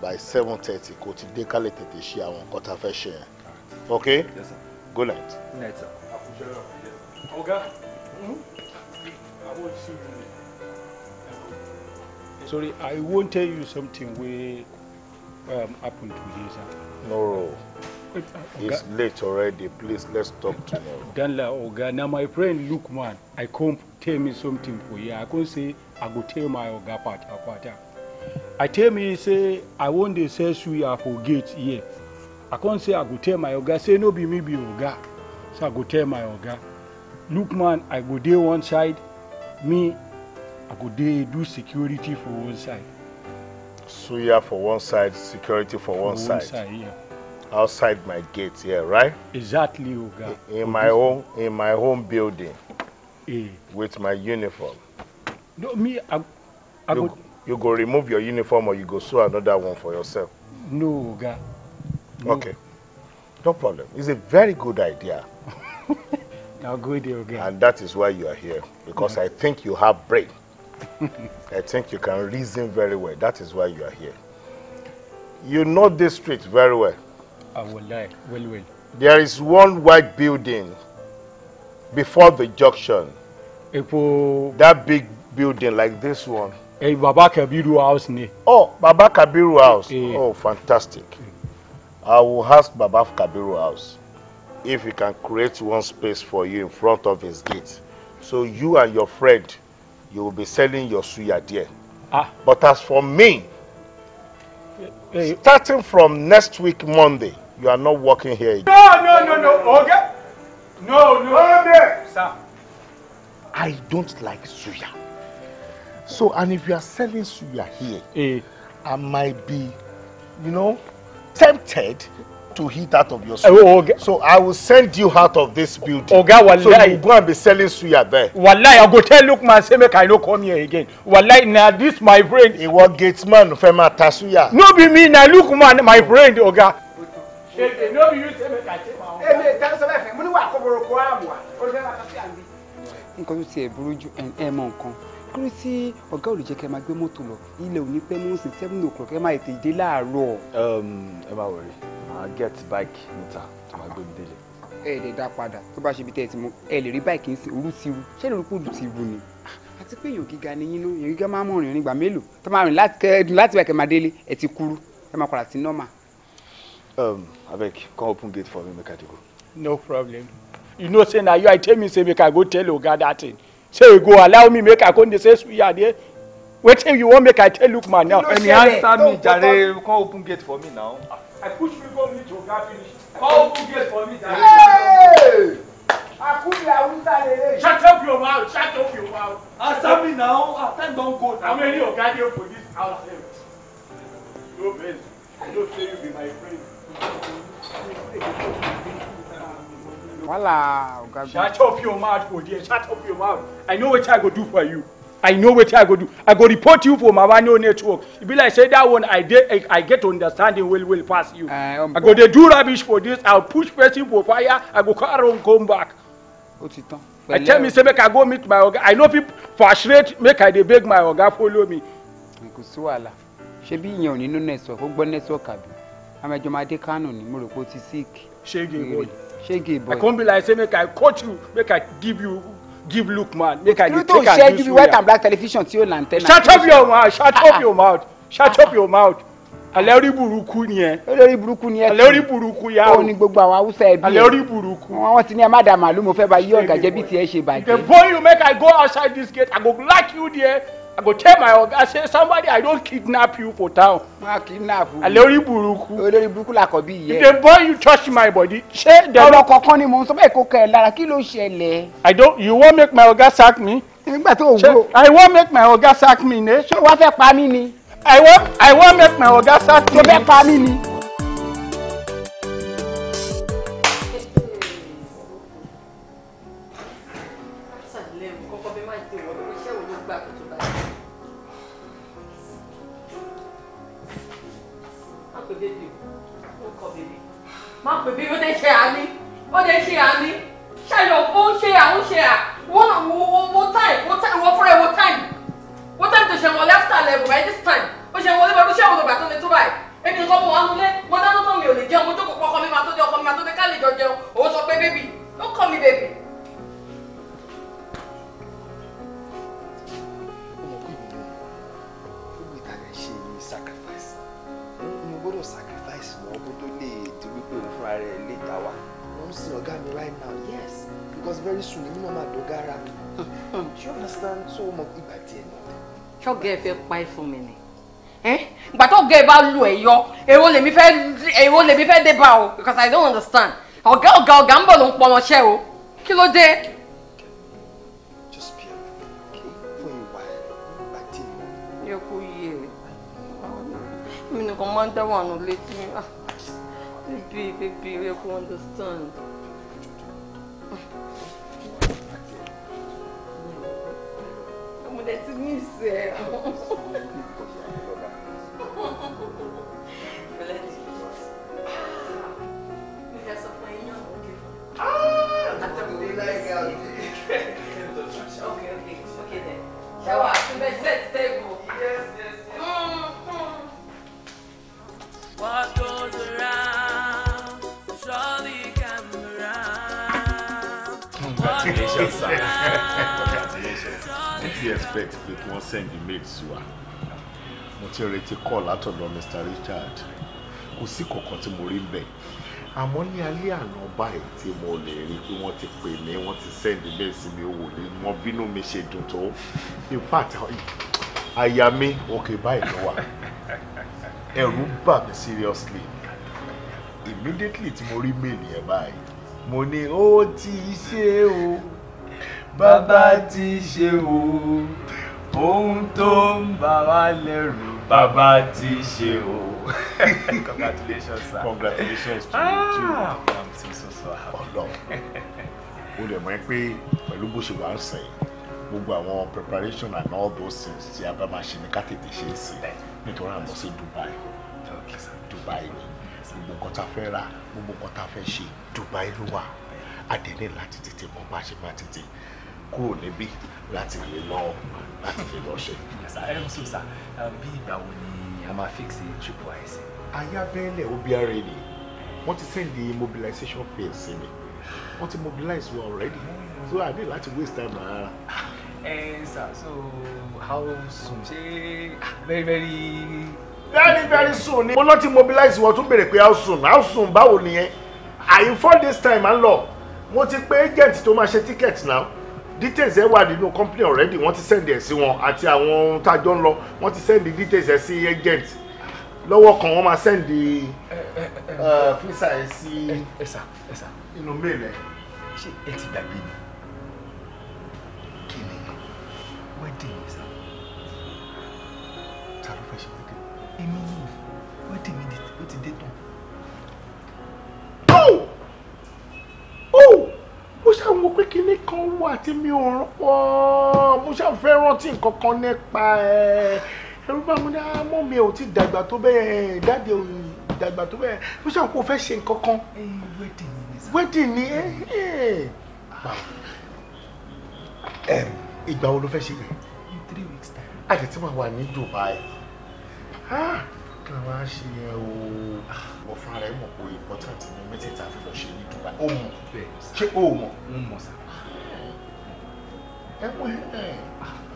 by seven thirty kó ti dé ká lè tètè ṣe àwọn nǹkan tá a fẹ́ ṣe yẹn ok yes, sir. good night. good night sir. ọ̀gá hmm? àwọn ìṣirò sorry i wan tell you something wey um, happen to you sir. no uh, it's late already please let's talk tomorrow. danla oga na my friend lukman i come tell me something for here i come say i go tell my oga pata pata i tell me say i wan dey sell suya for gate here i come say i go tell my oga say no be me be oga so i go tell my oga lukman i go dey one side me I go dey do security for one side. Suya for one side, security for, for one, one side. side yeah. Outside my gate here, yeah, right? Exactly, Oga. In, in my own in my own building. Eh. With my uniform. No, me I, I you, go you go remove your uniform or you go sew another one for yourself. No, Oga. No. Okay. No problem. It's a very good idea. now go there again. And that is why you are here because yeah. I think you have brain. I think you can reason very well. That is why you are here. You know this street very well. I will lie. Well, well. There is one white building before the junction. Epo. That big building like this one. Eh, Baba Kabiru house ne? Oh, Baba Kabiru house. Eh. eh. Oh, fantastic. Eh. I will ask Baba Kabiru house if he can create one space for you in front of his gate. So you and your friend you will be selling your suya there. Ah. But as for me, hey. Eh, eh. starting from next week Monday, you are not working here again. No, no, no, no, okay? No, no, okay. sir. I don't like suya. So, and if you are selling suya here, hey. Eh. I might be, you know, tempted to heat out of your suya. Eh, oh, okay. So I will send you out of this building. Oga, wallahi. So you go and be selling suya there. Wallahi, I go tell Lukman say make I no come here again. Wallahi, na this my friend. Ìwọ gate man fẹ́ máa ta suya. No be me, na Lukman my friend, Oga. Ṣé no be you say make I take my own. Ebe tẹ́lẹ̀ sọ́lá mo ní wà kọ́bọ̀rọ̀ kọ́ àmọ́. Nǹkan tó ti ẹ̀ burú ju ẹ̀ mọ̀ nǹkan kúrò tí ọ̀gá ò lè jẹ́ kẹ́ máa gbé mọ́tò lọ ilẹ̀ ò ní pẹ́ ní oṣù seven o'clock ẹ máa ètè ìdè láàárọ̀. Um, ẹ má wọrí màá get bike níta tó máa gbé mi délé. ẹ lè dá padà tó bá ṣe ibi tẹ́ ẹ ti mú ẹ lè rí báìkì ń sin òru ti ru ṣé lè rí pòlù ti ru ni. àti pé èèyàn gíga ni yín ló èèyàn gíga máa ń rìnrìn ìgbà mélòó tó máa rìn láti báìkì máa délé ẹ ti kúrú ẹ máa padà sí normal. Um, abeg come open gate for me make i dey go. no problem you know say na you i tell me say make i go tell oga dat thing say go allow me make i come dey say suya there wetin you wan make i tell lookman now. ẹni answer me jare come open gate for me now. i push you go meet oga finish come open gate for me jare. Akuri Awusa lele. Shut up your mouth, shut up your mouth. Answer me now, our time don go. How many oga dey for dis house sef? No vex, I know say you be my friend. Wala, Oga. Shut up your mouth, go there. Shut up your mouth. I know what I go do for you. I know what I go do. I go report you for Mabano network. E be like say that one I dey I, get understanding well well pass you. Uh, I go dey do rubbish for this. I'll push person for fire. I go carry on come back. I tell me say make I go meet my oga. I know people frustrate make I dey beg my oga follow me. Kò sí wàhálà. Ṣé bí ìyẹn ò nínú network? Ó gbọ́ network àbí? Àmọ́ ẹjọ́ máa dé Kánò ni mo rò pé shege boy i come be like say make i coach you make i give you give look man make i dey take am this way. you don share give you white and black television tí o là ń tẹ́lẹ̀. shut up your mouth shut up your mouth shut up your mouth alẹ́ orí burúkú ni ẹ. olórí burúkú ni ẹ ti alẹ́ orí burúkú yá o. ó ní gbogbo àwọn haúsá ẹbí ẹ. alẹ́ orí burúkú. wọn ti ní ẹ má dà màálù mo fẹ́ bá yí ọ̀gá jẹ́ bí tiẹ̀ ṣe bàjẹ́. the boy you make i go outside this gate i go like you there I go tell my oga say somebody I don kidnap you for town. Ma kidnap you. Àlórí burúkú. Olórí burúkú la kọ bí yẹ. If the boy you touch my body. Ṣé dem. Ọ̀rọ̀ kankan ni mò ń sọ bẹ́ẹ̀ kó kẹ́ ẹ lára kí ló ṣẹlẹ̀? I don't. you wan make my oga sack me? Nígbà tó o wo. I wan make my oga sack me ne. Ṣé o wá fẹ́ pa mí ni? I wan I wan make my oga sack me. Ṣé o fẹ́ pa mí ni? iṣẹ́ wo ló gbà kó tó bá yẹ. má pè bébì o ó kọ bébì má pè bébì ó dé ṣe àní ó dé ṣe àní ṣayọ ó ń ṣe à ń ṣe à wọ́n wọ́n táì wọ́n táì wọ́n fúnra ẹ̀ wọ́n táì wọ́n táì tó ṣe wọlé after eleven by this time ó ṣe wọlé bàbá iṣẹ́ wo ló gbà tó lè tó báyìí èmi nǹkan mo wà nulẹ̀ mo dáná tó mi ò lè jẹun mo jókòó pọ̀ ọkọ mi máa tó dé ọkọ mi máa tó dé ká lè jọ jẹun òun sọ pé bébì ó kọ́ mi bébì. sacrifice mo gbọ́dọ̀ sacrifice náà kó tó lè di wípé òun fúnra rẹ̀ lè dá wa wọ́n ń sin mi right now yes because very soon èmi náà máa dọ̀gá mi do you understand so mo ìgbà díẹ̀ náà. ṣọ́ọ̀gá ẹ fẹ́ pa ẹ́ fún mi ni ìgbà tó gẹ̀ bá lu ẹ̀ yọ èwo lèmi fẹ́ èwo lèmi fẹ́ dé bá o because I don't understand ọ̀gá ọ̀gá ọ̀gá ń bọ̀ ló ń pọnrọṣẹ́ o kí ló dé. kan máa ń dá wà nù létí ah, baby baby o yẹ kó understand. mo dẹ̀ ti ní ìsẹ̀ ah! Okay, okay, okay then. Shower, to the set table. Yes, yes. Congratulations, sir. Congratulations. What do you expect pé kí send the mail sí wa? Mo ti retí call látọ̀dọ̀ Mr. Richard. Kò sí kankan tí mo rí bẹ̀. Àmọ́ ní alẹ́ àná báyìí tí mo lè rí pé wọ́n ti pè mí, wọ́n ti send mail sí mi, owó ni mo bínú mi ṣe dùn tó. In fact, àyà mi òkè báyìí ló wà ẹ̀rù bà mí seriously immediately tí mo rí méèlì ẹ̀ báyìí mo ní ó ti ṣe o bàbá ti ṣe o ohun tó ń bà wá lẹ́rù bàbá ti ṣe o. congratulations sir. congratulations to you too. Ah. i'm so so so happy. ọlọ́run o lè mọ̀ ẹ́ pé pẹ̀lú bó ṣe wà ń sẹ́yìn gbogbo àwọn preparation and all those things tí a bá máa ṣe ká tètè ṣe é sí nítorí à ń lọ sí Dubai Dubai ni gbogbo nǹkan tá a fẹ́ ra gbogbo nǹkan tá a fẹ́ ṣe Dubai ló wà àdéhùn láti tètè mọ bá a ṣe máa tètè kúrò níbí láti lè lọ láti lè lọ ṣe. ẹ ń sùn sá bí ìgbà wo ni a máa fíìsì triple ic. ayábẹ́lẹ̀ obìnrin ni wọ́n ti send the mobilization fee sí mi wọ́n ti mobilize wa already so i need láti waste time rárá ẹ so how soon ṣé ah, very very. very very soon ni. mo lọ ti mobilize wọ́n tún béèrè pé how soon how soon báwo Are you for this time à ń Want to pay pé agent tó máa tickets now details ẹ wà nínú company already want to send the sí one. àti àwọn ohun tá a jọ Want to send the details ẹ̀ sí agent lọ́wọ́ kan wọ́n máa send fisa eh, eh, eh, ẹ̀ sí inú mail ẹ̀. ṣé She ti gbàgbé ni. wedding yìí sá ta ló fẹ́ ṣe wedding èmi ni wedding mi ó ti dé tán. Oh! Oh! mo ṣàwọn pé kinní kan wà tí mi ò rán pọ̀ mo ṣàfẹ́ rántí nǹkan kan nípa ẹ̀ ẹ̀rù bá mi ní àmọ́ mi ò ti dàgbà tó bẹ́ẹ̀ dáde òyìn dàgbà tó bẹ́ẹ̀ mo ṣàwọn pé o fẹ́ ṣe nǹkan kan. Eh, wedding ni ẹ eh, eh. ẹ ìgbà wo ló fẹ́ ṣe yẹn. in three weeks time. àti tí màá wà ní Dubai ah, kí ni wàá ṣe yẹn o. Ah, mo fún ara ẹ mọ̀ pé important ni mẹ́tẹ̀ẹ̀ta fi lọ ṣe ní Dubai. ó mọ̀ ṣé ó mọ̀. ń mọ̀ sá. ẹ wọ ẹ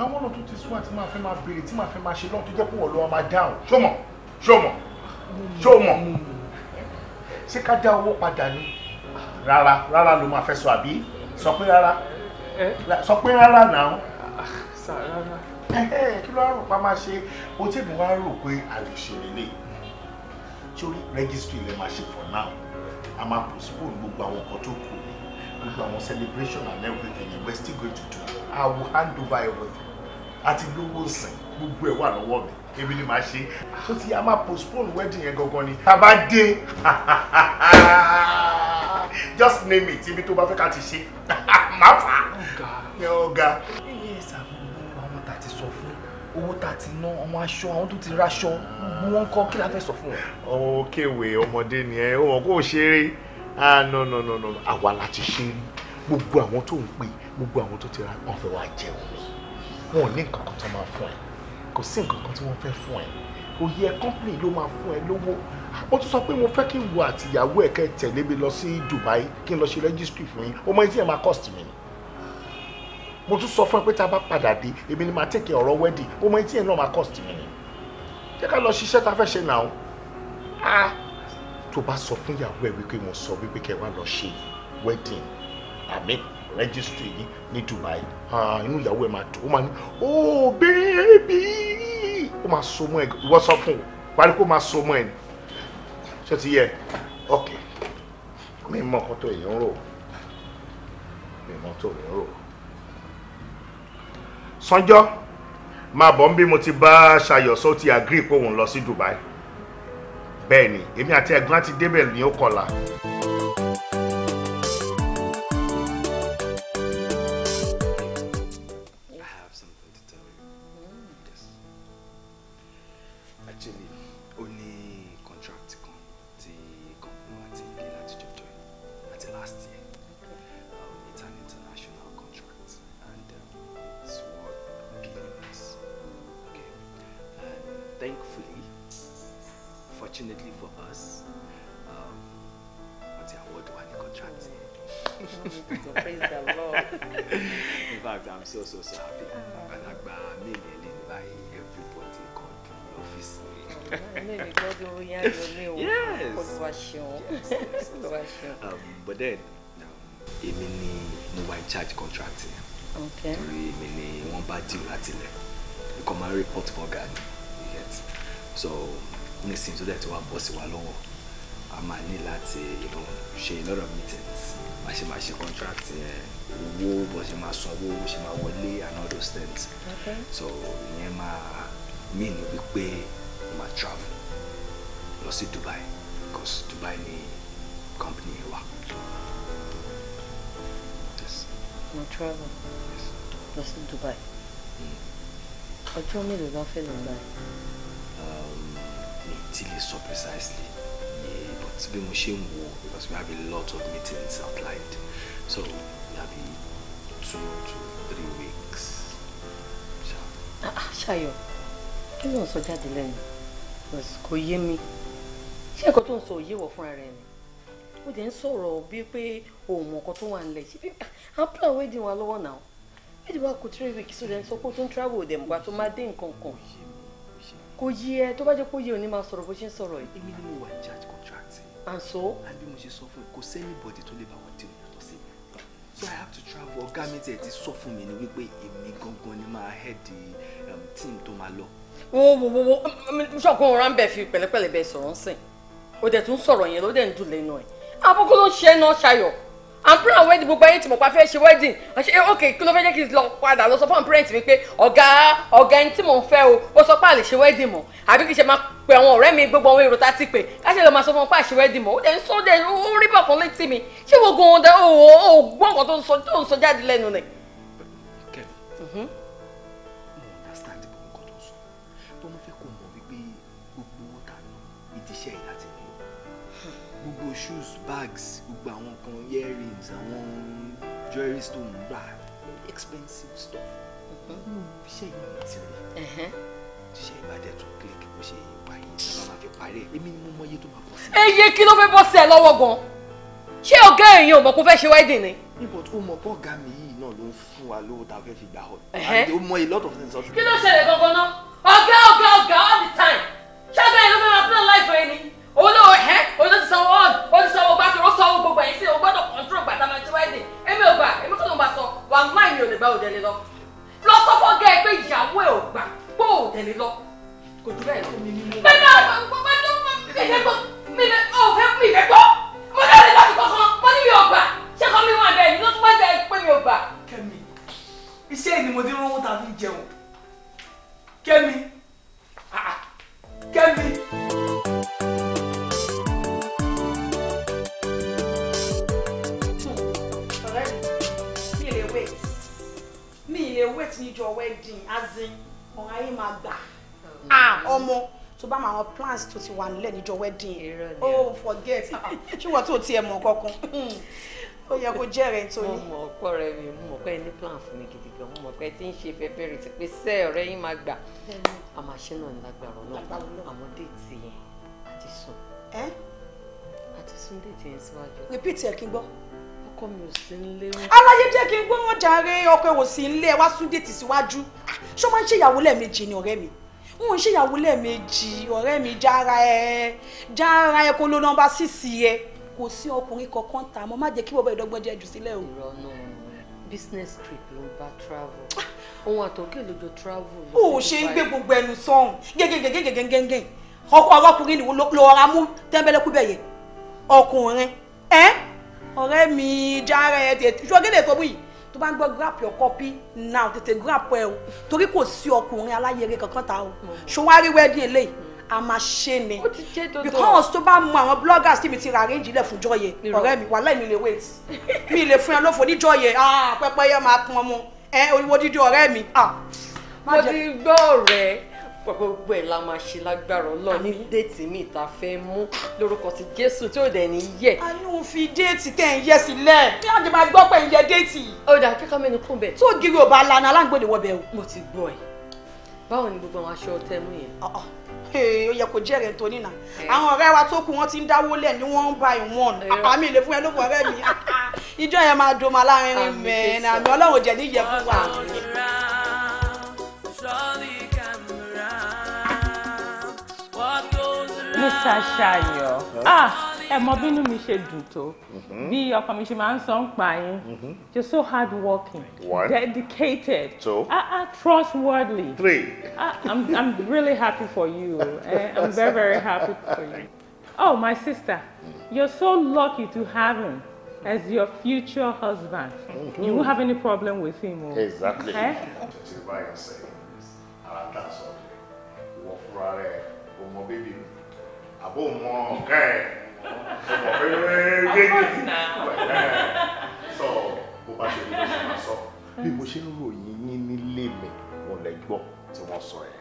àwọn ọ̀nà tó ti sún àti máa fẹ́ máa béèrè tí màá fẹ́ máa ṣe lọ́n tó jẹ́ pé wọ́n lọ́wọ́ máa dáhùn. ṣó mọ̀ ṣó mọ̀ ṣó mọ̀ ṣé ká dá owó padà ni rárá rárá ló máa fẹ́ sọ àbí sọ pé rárá Eh, eh. sọ pé rárá náà. Ah, sà rárá. kí ló rò pa máa ṣe o tí mo wá rò pé a lè ṣe lélẹ̀ sórí registry lè máa ṣe for now a máa postpone gbogbo àwọn nǹkan tó kù ní gbogbo àwọn celebration and everything we still going to do i will hand over everything àti gbogbo sìn gbogbo ẹ̀ wà lọ́wọ́ mi èmi ni màá ṣe So, ti a máa postpone wedding yẹn gangan ni tá a bá dé just name it ibi tó bá fẹ́ ká ti ṣe máa fà á ní ọ̀gá. yes àwọn tá a ti sọ fún owó tá a ti ná àwọn aṣọ àwọn tó ti raṣọ gbogbo wọn kọ kí la fẹ́ sọ fún wọn. ọmọ kéwé ọmọdé ni ẹ wọn kò ṣeré ah no no no no àwa la ti ṣeré gbogbo àwọn tó ń pè gbogbo àwọn tó ti ra wọn fẹ́ wá jẹun wọn ò ní nǹkan kan tó máa fún ẹ kò sí nǹkan kan tí wọ́n fẹ́ fún ẹ òye ẹ ló máa fún ẹ lówó ó tún sọ pé mo fẹ́ kí n wo àtìyàwó ẹ̀ kẹ́ tẹ̀lé mi lọ sí Dubai kí n lọ ṣe registry fún yín ó mọ ẹni tí ẹ máa cost mi ni mo tún sọ fún ẹ pé tá a bá padà dé èmi ni màá tẹ̀kẹ̀ ọ̀rọ̀ wedding ó mọ ẹni tí ẹ náà máa cost mi ni jẹ́ ká lọ ṣiṣẹ́ tá a fẹ́ ṣe náà ah tó bá sọ fún ìyàwó ẹ̀ wípé mo sọ wípé kẹ́ wá lọ ṣe wedding àmì registry yìí ní Dubai inú ìyàwó ẹ̀ máa dùn ó máa ní oh baby ó máa so mọ́ ẹ̀ ìwọ sọ fún o parí kó máa so mọ́ ẹ̀ ni ṣé ti yẹ ok mi mọ ọkọ tó èèyàn rò mi mọ tó èèyàn rò sanjọ máa bọ̀ ń bí mo ti bá ṣayọ̀ sọ ti agree pé òun lọ sí Dubai bẹ́ẹ̀ ni èmi àti ẹ̀gbọ́n ti débẹ̀ ní ó kọ̀la. ọjọ́ me ló fẹ́ lò gbà ẹ́. mi ti lè precisely but we must ṣe ń because we have a lot of meetings outlined so maybe two to three weeks. Ah, ah kí you? ń sọ jáde lẹ́nu kò yé mi ṣé ẹ̀kọ́ tó ń sọ òye wọ̀ fúnra rẹ̀ ni ó dẹ̀ ń sọ̀rọ̀ bíi pé òun mọ̀ ọ̀kan tó wà ah, ń i plan wedding wa lọ́wọ́ méjì bá kò three weeks rẹ̀ sọ pé tó ń travel dẹ̀ mùgbà tó máa dé nǹkan kan kò yí ẹ tó bá jẹ́ pé ó yẹ òní máa sọ̀rọ̀ bó ṣe ń sọ̀rọ̀ yìí. èmi ni mo wà charge contract. and so. and bí mo ṣe sọ fún ẹ kò sẹ́ni bọ̀dì tó lè bá wọn dín yàtọ̀ sí mi so i have to travel ọ̀gá mi tiẹ̀ ti sọ fún mi ni wípé èmi gangan ni máa head the um, team tó máa lọ. wo wo wo wo um, um, ṣọkùnrin ọ̀rá ń bẹ̀ fi pẹ̀lẹ́pẹ̀lẹ́ bẹ̀ sọ̀rọ̀ ń sìn ó dẹ̀ tún sọ̀rọ̀ yẹn ló dẹ̀ ń dùn lẹ́nu ẹ̀ àbúkú ló ń ṣe é náà ṣayọ̀ and plan wedding gbogbo ayé tí mo pa fẹ́ ṣe wedding ṣe eh, ok kí ló fẹ́ jẹ́ kí n lọ padà lọ sọ fún parent mi pé ọ̀gá ọ̀gá ẹni tí mò ń fẹ́ o ó sọ pé a lè ṣe wedding mọ́ àbí kì í ṣe máa pe àwọn ọ̀rẹ́ mi gbogbo àwọn èrò tá a ti pè káṣẹ́ lọ́ọ́ máa sọ fún wọn a ṣe wedding mọ́ ó dẹ̀ ń sọ dẹ̀ ó rí bọ̀kan létí mi ṣé wo gan ọ̀dà ó ó gbọ́ tó ń sọ jáde lẹ́nu mhm. rẹ̀. gbogbo shoes earrings àwọn jewelry stone rà expensive stuff mm-hmm. ṣe ìmọ̀ ti rí mm-hmm. ṣe ìbàdàn tún click bó ṣe parí ìjọba máa fi parí ẹ̀ èmi ni mo mọ iye tó máa bọ̀ sí. eye kí ló fẹ́ bọ́ sí ẹ lọ́wọ́ gan-an ṣé ọ̀gá èèyàn ò kó fẹ́ ṣe wedding ni. níbo tó mọ pọ́ ọ̀gá mi yìí náà ló ń fún wa lówó tá a fẹ́ fi gbà họ. ó kí ló ṣẹlẹ̀ gangan náà ọ̀gá ọ̀gá ọ̀gá all the time. wà láì e e mi ò lè gbà ò tẹ̀lé lọ lọ sọ fọ́ gẹ́ ẹ pé ìyàwó ẹ ò gbà pé ò tẹ̀lé lọ kò dúró ẹ̀ fún mi mímú. pẹ̀lú àwọn ọmọ tó mọ mi lè gbọ́ mi lè ọ̀ fẹ́ mi lè gbọ́ mo ní ọ̀lẹ́ láti kankan mo ní mi ò gbà ṣé kan mi wọn bẹ́ẹ̀ ni ló tún bá jẹ́ pé mi ò gbà. Kẹ́mi iṣẹ́ yìí ni mo ti ń rówó ta fi jẹun Kẹ́mi Kẹ́mi. dey wait ní your wedding as in ọ̀rọ̀ ayé mm. ah, máa gbà ah omo. tó ba ma, wọn plans tó ti wà nílẹ̀ níjọ́ wedding oh forget ah, ṣé wọ́n tó tiẹ̀ mọ̀ kankan hmm. ó yẹ kó jẹ́rẹ̀ẹ́ nítorí. mo mọ̀ ọ̀pọ̀ rẹ mi mo ko pé plan fún mi gidi gan mo mọ̀ pé tí ń ṣe fẹ́fẹ́ rẹ̀ ti pé sẹ́ ọ̀rẹ́ yín máa gbà àmọ́ àṣẹ náà ní lágbára ọlọ́run àwọn déètì yẹn àti sùn àti sùn déètì yẹn síwájú. repeat ẹ kí n ọkọ mi ò sí nílé. aláyé jẹ́ kí n gbé wọn jàre ọkọ ẹ̀ ò sí nílé ẹ wá sún déètì síwájú ṣé o ń ṣèyàwó lẹ́ẹ̀mejì ni ọ̀rẹ́ mi n ń ṣèyàwó lẹ́ẹ̀mejì ọ̀rẹ́ mi jára ẹ jára ẹ kó ló nọmba sísì ẹ kò sí ọkùnrin kankan tà mọ́ má jẹ́ kí bọ́bá ìdọ́gbọ́n jẹ́ jù sílẹ̀ o. ìrọ̀nà business trip ló ń bá travel ohun àtọ̀kẹ́ lójó travel. o ò ṣe ń gbé gbogbo ẹnu sọ̀hún gẹ́gẹ́gẹ́gẹ́gẹ́gẹ́gẹ́ ọkọ ọkùnrin ni lọ́ọ́ ra mú tẹ́ńbẹ́lẹ́kú bẹ̀yẹ ọkùnrin ẹ́ ọ̀rẹ́ mi jára ẹ tètè ṣọ́gẹ́dẹ̀ tó bú yìí tó bá ń gbọ́ grab your copy now tètè grab ẹ o torí kò sí ọkùnrin aláyẹrẹ kankan ta o ṣọwárí wedding eléyìí a máa ṣe ni because tó bá mú àwọn bloggers tí mi ti ràrí ìjìnlẹ̀ fún jọ́yẹ ọ̀rẹ́ mi wà lẹ́yìn mi lè wait mi lè fún ẹ lófo ní jọ́yẹ ah, pẹ́pẹ́yẹ máa pọn mu ẹ oríwo dídí ọ̀rẹ́ mi. Ah. mo ti gbọ́ ọ̀rẹ́ pé gbogbo ẹ̀ la máa ṣe lágbára ọlọ́run ní déètì mi ìta fẹ́ mú lórúkọ ti jésù tí ò dẹ̀ ní yẹ. a ní òun fi déètì tẹ̀ ń yẹ sílẹ̀ kí àjẹ máa gbọ́ pé ń yẹ déètì. ó dà kíkọ́ mẹ́nu kún bẹ́ẹ̀. tó gírí ò bá lana aláǹgbọ̀n ìwọ bẹ́ẹ̀ o. mo ti gbọ́ ẹ̀ báwo ni gbogbo àwọn aṣọ tẹ mú yẹn. ó yẹ kó jẹ́rẹ̀ẹ́ tó nínà àwọn ọ̀rẹ́ wa tó kù wọ́n ti ń dáwó lẹ̀ ní one by one àmì ilé fún ẹ ló fún ọ̀rẹ́ mi ìjọ yẹn máa dùn máa láàrin mẹ́ẹ̀ẹ́nà àmì ọlọ́run jẹ̀ ní ìyẹ̀fun wa. Mr. Ṣayọ̀ ah ẹ mọ bínú mi ṣe dùn tó mm-hmm. bí ọkọ mi ṣe máa ń sọ ń pa yín mm-hmm. you're so hard working One. dedicated Two. Ah, ah, trustworthy Three. Ah, I'm, I'm really happy for you eh, I'm very very happy for you oh my sister mm. you're so lucky to have him as your future husband mm-hmm. you won't have any problem with him. Oh. exactly. Eh? fúnra rẹ̀ kò mọ bébì mi àbò mọ ọ̀gá ẹ̀ ọmọ bébì mi sọ bó bá ṣe bí mo ṣe máa sọ bí mo ṣe ń ròyìn yín nílé mi wọn lè gbọ́ tí wọ́n sọ ẹ̀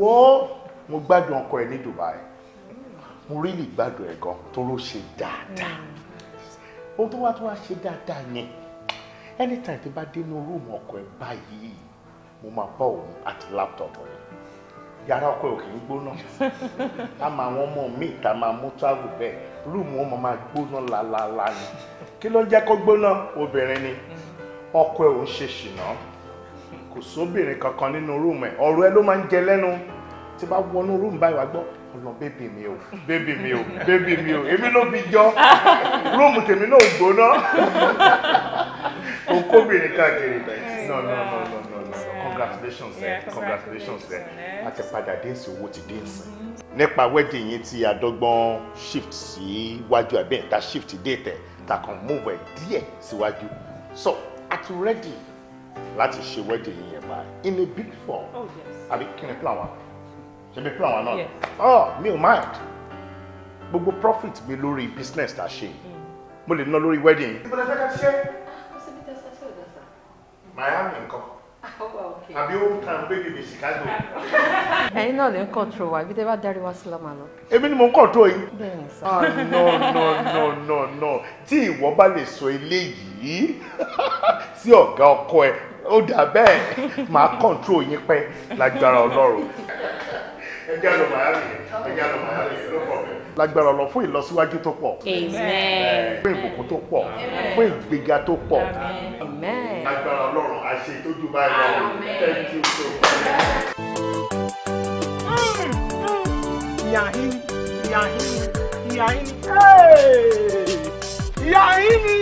wọ́n mo gbádùn ọkọ ẹ ní Dubai mo rí lè gbádùn ẹ gan toró ṣe dáadáa hmm. ohun tó wá tó wá ṣe dáadáa yẹn anytime tí bá dé inú rúùmù ọkọ ẹ báyìí mo máa bá òun àti láptọ̀pù rẹ yàrá ọkọ ò kì í gbóná a máa wọn mọ míì tá a máa mú táàbù bẹ́ẹ̀ rúùmù wọn máa gbóná ni kí ló ń jẹ́ kó gbóná obìnrin ni ọkọ ẹ̀ ò ń ṣe ṣìnà kò sóbìnrin kankan nínú rúùmù ẹ̀ ọ̀rọ̀ ẹ̀ ló máa ń jẹ tí bá wọnú rúùmù mi o bébì mi o bébì mi o jọ rúùmù tèmi náà gbóná káàkiri nọ nọ nọ. congratulations ẹ eh? congratulations ẹ a ti padà dé sí owó ti dé sí nípa wedding yìí tí adọ́gbọ́n shift sí iwájú àbí ẹ̀ta shift date ẹ̀ ta kan move ẹ̀ díẹ̀ síwájú so a ready láti ṣe wedding yìí yẹn báyìí in a big form oh, àbí kí ni plan wa ṣe bí plan wa náà oh mi ò mind gbogbo profit mi lórí business ta ṣe mm. mo lè ná lórí wedding. ìbọn ẹgbẹ́ ká ṣe. Ah, Miami nǹkan àbí ó kàn ń bèbè bèsì ká lò. ẹ̀yin náà lè ń kọ̀tró wa ibi tẹ́ bá darí wá sí lọ́mọ lọ. èmi ni mò ń kọ̀tró yìí. bẹ́ẹ̀ni sá. Ah, no no no no no tí ìwọ bá lè sọ eléyìí sí ọ̀gá ọkọ ẹ ó dà bẹ́ẹ̀ máa kọ̀tró yín pẹ́ lágbára ọlọ́run ẹjẹ lọ miami ẹjẹ lọ miami ló pọ̀ bẹ́ẹ̀. lágbára ọlọ fún ìlọsíwájú tó pọ̀ fún ìbùkún tó pọ̀ fún ìgbéga tó pọ̀ lágbára Ọlọ́run àṣẹ tó jù báyìí lọ thank you so much. yahin yahin yahin yahin ni.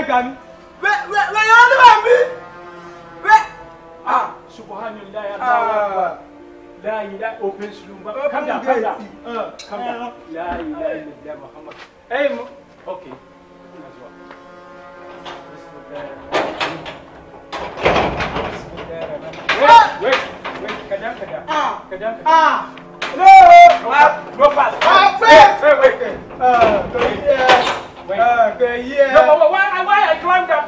ẹ gbà mí wẹ yọ ọdún mi wẹ. ah subhanallah ya ah. allah la ilaha open saloon ba calm down calm down uh, calm down ah. la ilaha illallah muhammad ey mu okay. Wait, wait, wait, kadang kadang. Ah, kadang kadang. Ah. No! Ah. Go fast. Wait, wait, wait. Uh, go here. Wait. Uh, go here. No, wait, wait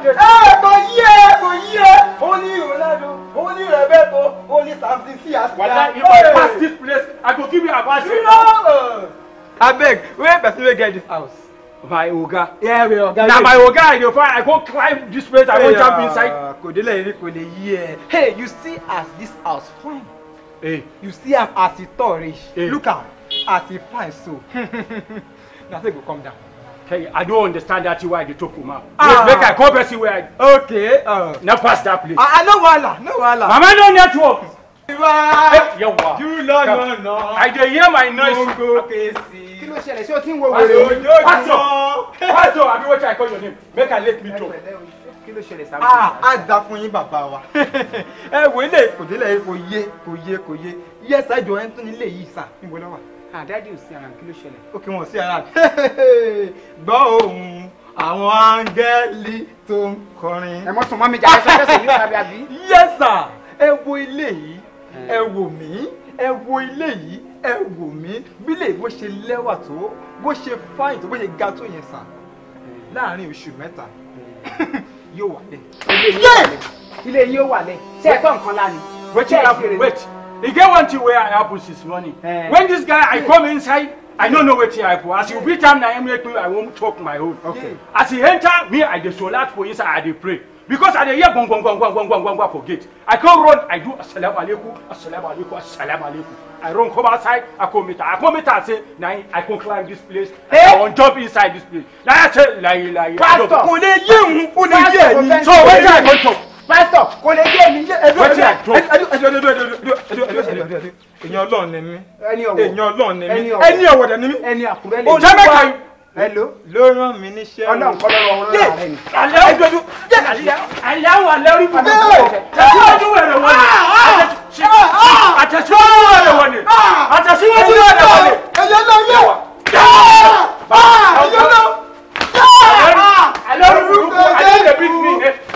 ẹ kò yí ẹ kò yí ẹ ó ní Ronaldo ó ní Roberto ó ní Samson sí àṣìṣe. wàlá if I pass this place I go give you advice. you know. Uh, abeg where person wey get dis house. my oga. Yeah, we oga. na my oga i dey find i go climb this place i go jump uh, inside. kò délẹ̀ yìí kò lè yí ẹ. hey you see as this house fine. Hey. you see am as e tall reach. Hey. look am as e fine so. na so e go come down. Hey, I don't understand that why they talk Uma. Ah. Make I come see where I. Okay. Uh. Now pass that place. Ah, uh, no wahala, no wahala. Mama no network. Yawa. Eh, you no no no. I dey hear my noise. Mo go kesi. Kí ló ṣẹlẹ̀ ṣé o ti ń wo wèrè? Pastor, pastor, àbí what I call your name? Make I let me talk. Kí ló Ah, á da fún yín wa. Ẹ wo ilé kò délẹ̀ kò yé kò yé kò yé. Yẹ́sà jọ ẹ́ àdádì ah, ò sí around kí ló ṣẹlẹ̀. ó kí wọn sí around gbọ́ ohùn àwọn áńgẹ́lì tó ń kọrin. ẹ mọ sùn mọ́ mi jà ẹ sọ fẹsẹ̀ yóò tàbí àbí. yes sir ẹ wo ilé yìí ẹ eh. wò mí ẹ wo ilé yìí ẹ wò mí bílẹ̀ bó ṣe lẹ́wà tó bó ṣe fáyìn tó bó ṣe ga tó yẹn sàn eh. láàárín oṣù mẹ́ta eh. yóò wà lẹ̀. ilé yìí yóò wà lẹ̀ ṣé ẹ gbọ́ nǹkan lánìí. wait wait e get one thing where i happen this morning eh. when this guy i come inside i don't know wetin happen as you be time na him make me i won't talk my own Okay. as he enter me i dey out for inside i dey pray because i dey hear gong gong gong gong gong gong gong for gate i come run i do asalamu alaikum asalamu alaikum asalamu alaikum i run come outside i come meet her i come meet her say na i come climb this place hey? i wan eh? jump inside this place na i say layi layi. pastor kò lè so where i go talk pásítọ̀ kò lè dé èmi jẹ́ ẹ̀dùn ẹ̀dùn ẹ̀dùn ẹ̀dùn ẹ̀dùn ẹ̀dùn ẹ̀dùn ẹ̀yìn ọlọ́run ni mí ẹ̀yìn ọlọ́run ni mí ẹni ọ̀wọ̀dẹ̀ ni mí ẹni àkùrẹ́ ni mí ọjọ́ mẹ́ta hello ló rán mi níṣẹ́ o ọlọ́run kọ́ wọn rẹ̀ rẹ̀ ni. àyàwó alẹ́ orí bàbá mi tẹ̀síwájú wẹ̀rẹ̀ wọlé àtẹ̀síwájú wẹ̀rẹ̀ wọlé àtẹ̀síwájú wẹ̀rẹ̀ wọlé. ẹ̀yọ́ náà yẹ wà. ẹ̀yọ́ náà yẹ wà. ẹ̀yọ́ náà yẹ wà.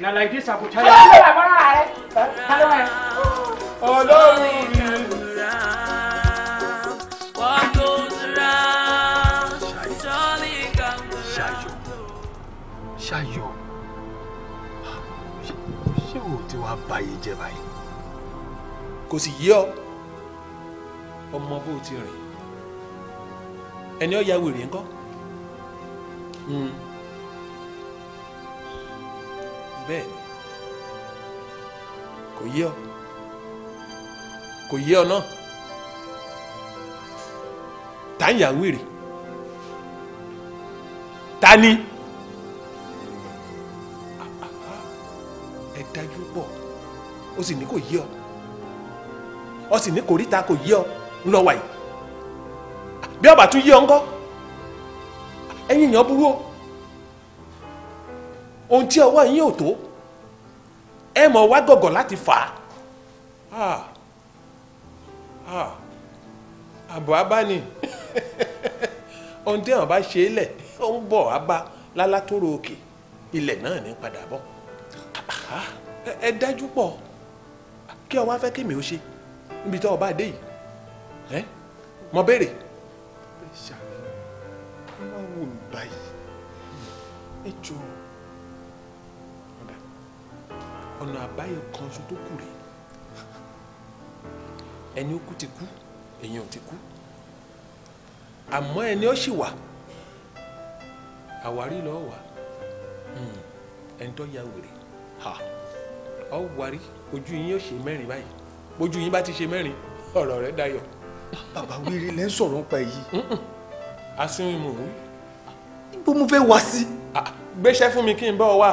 na like this I challenge. ṣé you lè wà mọ́ra rẹ̀ kálọ́ rẹ̀. ọlọ́run mi. ṣayọ ṣayọ ṣé o ti wá báyìí jẹ báyìí. kò sì yé ọ ọmọ bó ti rìn ẹni ọ ya wèrè ńkọ́. Mm bẹ́ẹ̀ ni kò yé ọ kò yé ọ náà tá ń yà wèrè ta ni ẹ dájú pọ̀ ó sì ní kò yé ọ ọ sì ní kòríta kò yé ọ ńlọ wàyí bí ọba tún yé ọ ńkọ́ ẹ̀yin èèyàn burú o ohun tí ọwọ́ yín ò tó ẹ mọ̀ wá gọ̀gọ̀ láti fà á àbọ̀ abá ni ohun tí àwọn bá ṣe é lẹ̀ ó ń bọ̀ abá lálátóró òkè ilẹ̀ náà ní padà bọ̀ ẹ dájú pọ̀ kí ọ wá fẹ́ kí mi ò ṣe níbi tí ọba àdé yìí ẹ mo béèrè. ẹ ṣàlùwọ̀n wọ́n wò mí báyìí ẹ jọ̀ọ́ ọ̀nà àbáyọ kan ṣo tó kù rèé ẹni ó kú ti kú èèyàn ti kú àmọ́ ẹni ó sì wà àwárí lọ́ọ́ wà hmm, ẹni tó ya wèrè ọ wárí ojú yín yóò ṣe mẹ́rin báyìí ojú yín bá ti ṣe mẹ́rin ọ̀rọ̀ rẹ̀ dayọ̀. bàbá wèrè lẹ́ ń sọ̀rọ̀ nípa èyí. asínwó imú òun. bó mo fẹ́ wá sí. Ah, gbéṣẹ́ fún mi kí n bọ́ ọ wá.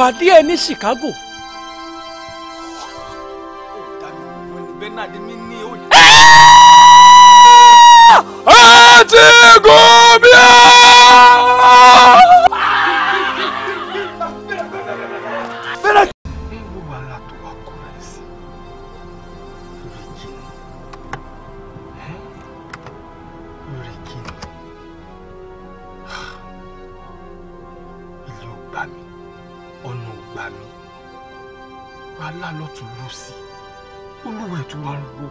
pàdé ẹ ní Chicago. ó ti gùn bí wàhálà lọ́tún lọ́sì olúwa ẹ̀ tó wá ń ro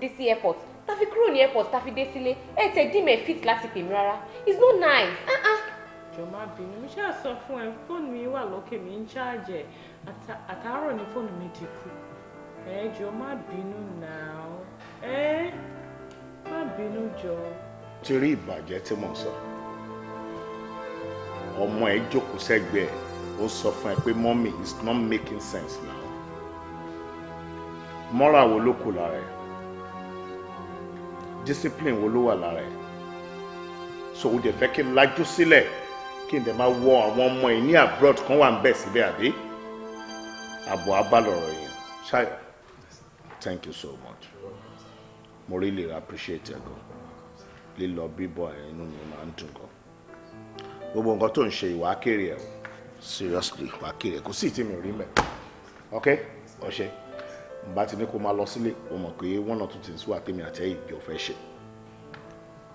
dé sí airport ta fi kúrò ní airport ta fi dé sílé ẹ tẹ dìmẹ̀ fit láti pè rárá it's not nice. Uh má bínú mi ṣáà sọ fún ẹ fóònù mi wà lókè mi ń ṣáàjẹ àtàárọ̀ ni fóònù mi ti kú ẹ jọ má bínú náà ẹ má bínú jọ. ti rí ìbàjẹ́ tí mò sọ ọmọ ẹ jókòó sẹ́gbẹ̀ẹ́ ó sọ fún ẹ pé mommy is not making sense now mọ́ra wo ló kù lára ẹ̀ discipline wo ló wà lára ẹ̀ so o dẹ̀ fẹ́ kí n lajú sílẹ̀ kí n dẹ̀ máa wọ àwọn ọmọ ẹ̀ ní abroad kan wà ń bẹ̀ síbẹ̀ àbí àbọ̀ abálọ̀rọ̀ yẹn ṣáyọ̀ thank you so much mo really appreciate ẹ̀ gan lílọ bíbọ̀ ẹ̀ inú mi máa ń dùn gan gbogbo nǹkan tó ń ṣe ìwà kéré ẹ̀ o seriously wàá kéré kò sí ìtì mi rí mẹ́ ok ọ̀ṣẹ́. Okay? n bá ti ní kó máa lọ sílé o mọ̀ pé one or two things wà tèmi àti ẹ̀yìn jọ fẹ́ ṣe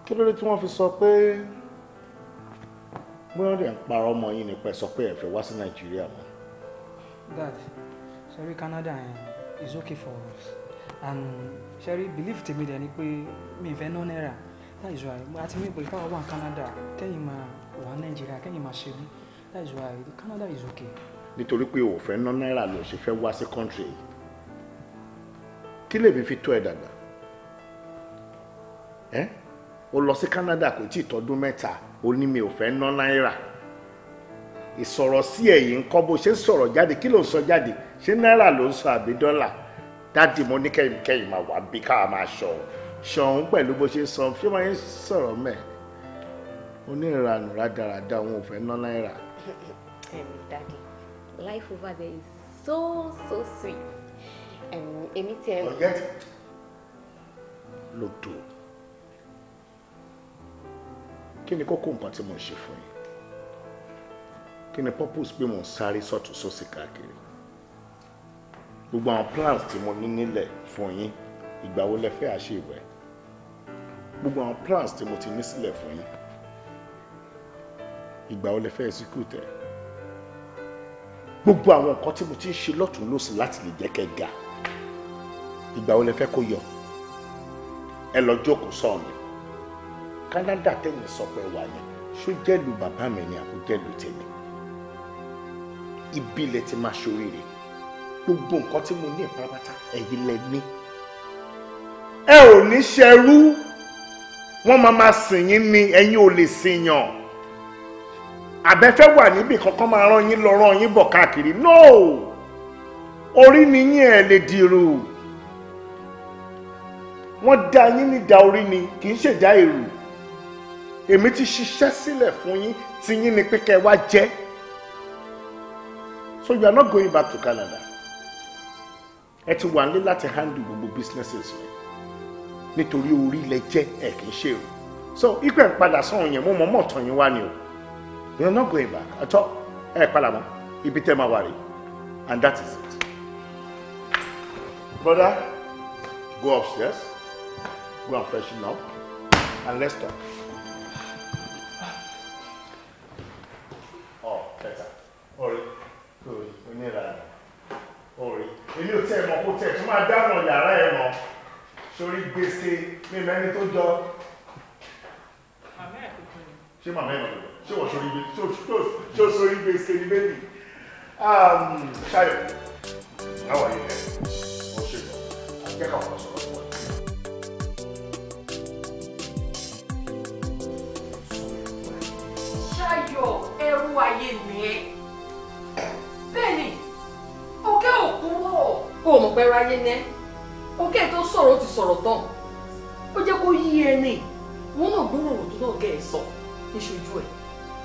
kí ló dé tí wọ́n fi sọ pé bóyá dẹ̀ ń parọ́ ọmọ yín ni pé sọ pé ẹ fẹ́ wá sí nàìjíríà mọ́. dad sorry Canada is okay for us and sherry believe tèmi dẹ̀ ni pé mi ì fẹ́ náírà that is why àti mi pé káwọn wà ní Canada kẹ́yìn máa wà ní nàìjíríà kẹ́yìn máa ṣe mí that is why Canada is okay. nítorí pé o ò fẹ́ ná náírà ló ṣe fẹ́ wá sí country yìí kí lèmi fi tó ẹ dàgbà ẹ o lọ sí Canada kò tí ì tọdún mẹ́ta o ní mi ò fẹ́ ná náírà ìsọ̀rọ̀ sí ẹ̀yìn ńkọ́ bó ṣe ń sọ̀rọ̀ jáde kí ló ń sọ jáde ṣé náírà ló ń sọ àbí dọ́là dáàdì mo ní kẹ́yìnkẹ́yìn máa wà bí káwa máa sọ ṣọ̀hún pẹ̀lú bó ṣe sọ ṣé wọ́n ń sọ̀rọ̀ mẹ́ onírànù rádaràda òun ò fẹ́ ná náírà. ẹ̀mí dáàdì life over there is so so sweet èmi tiẹ̀. ọ̀yẹ́ lòdò kí ni kókó nǹkan tí mo ń ṣe fún yín kí ni purpose pé mo ń sáré sọ́tún sósì káàkiri gbogbo àwọn plans tí mo ní nílẹ̀ fún yín ìgbà wo lẹ fẹ́ àṣewẹ̀ gbogbo àwọn plans tí mo ti ní sílẹ̀ fún yín ìgbà wo lẹ fẹ́ execute gbogbo àwọn nǹkan tí mo ti ń ṣe lọ́tún lọ́sìn láti lè jẹ́ kẹ́ ga ìgbà wo lẹ fẹ́ kó yọ ẹ lọ jókòó sọ̀ọ̀nù Canada tẹ̀yìn sọ pé wà yẹn ṣó jẹ́lu bàbá mi ni àbó jẹ́lu tèmi ibi ilẹ̀ ti máa ṣoríire gbogbo nǹkan tí mo ní ìparapata ẹ̀yin lẹ ní ẹ ò ní ṣẹrú wọ́n máa ma sìn yín ni ẹ̀yin ò lè sìn yàn àbẹ́fẹ́ wà níbì kankan máa rán yín lọ rán yín bọ̀ káàkiri no orí ni yín ẹ̀ lè dìrù wọ́n dá yín ní ìdá orí ni kì í ṣèdá èrò èmi ti ṣiṣẹ́ sílẹ̀ fún yín tí yín ni pé wá jẹ́ so you are not going back to Canada ẹ ti wà nílé láti handle gbogbo businesses rẹ nítorí orí ilẹ̀ jẹ́ ẹ kì í ṣe èrò so ipẹ̀ ń padà sọ̀rọ̀ yẹn mo mọ̀ mọ̀ tàn yín wá ni o you are not going back at all ẹ padà mọ́ ibi tẹ́ máa wà rèé and that is it. Brother, go upstairs. Go and freshen up and let's talk. Oh, better. Orí, orí, oníranà. Orí, èmi ò tẹ́ ẹ mọ̀ kó tẹ́ ẹ tún máa dáhùn yàrá ẹ mọ̀. Sori gbèsè mi me, tó jọ. Màmá ẹ̀ kò tó ni. Ṣé màmá ẹ̀ lọ́dọ̀? Ṣé wọ́n sori gbèsè? Ṣé o sori gbèsè ni bẹ́ẹ̀ni? Um, Ṣayọ̀, báwo ni ẹ? Mo ṣe lọ, àti kẹ́kọ̀ọ́ kan sọ. ó mọ̀ pẹ́ ráyé ní òkè tó sọ̀rọ̀ ti sọ̀rọ̀ tán ó jẹ́ kó yí ẹni wọn náà gbóró òrò tó náà gẹ̀ ẹ́ sọ níṣojú ẹ̀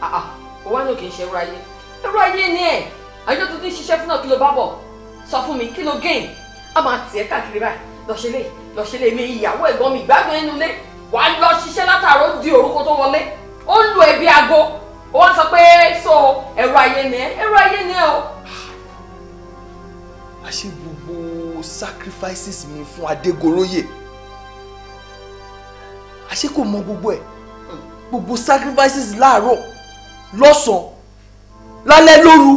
àà ó wá ní òkè ń ṣe ráyé ẹrú ayé ni ẹ̀ àjọ tó ti ń ṣiṣẹ́ fún náà kí ló bá bọ̀ sọ fún mi kí ló gẹ̀ẹ́n á máa tì ẹ́ káàkiri báyìí lọ́ṣẹ́lẹ̀ lọ́ṣẹ́lẹ̀ mi ìyàwó ẹ̀gbọ́n mi ìgbádùn ẹnu lé wà á lọ ṣiṣẹ́ látàárọ̀ di orúkọ tó wọlé ó ń lu ẹbí aago ó wá sọ pé so ẹrú ayé ni ẹ ẹrú ayé ni ẹ o. àṣé sacrifices mi fún Adégoróyè àṣé kò mọ gbogbo ẹ̀ gbogbo sacrifices láàárọ̀ lọ́sàn-án lálẹ́ lóru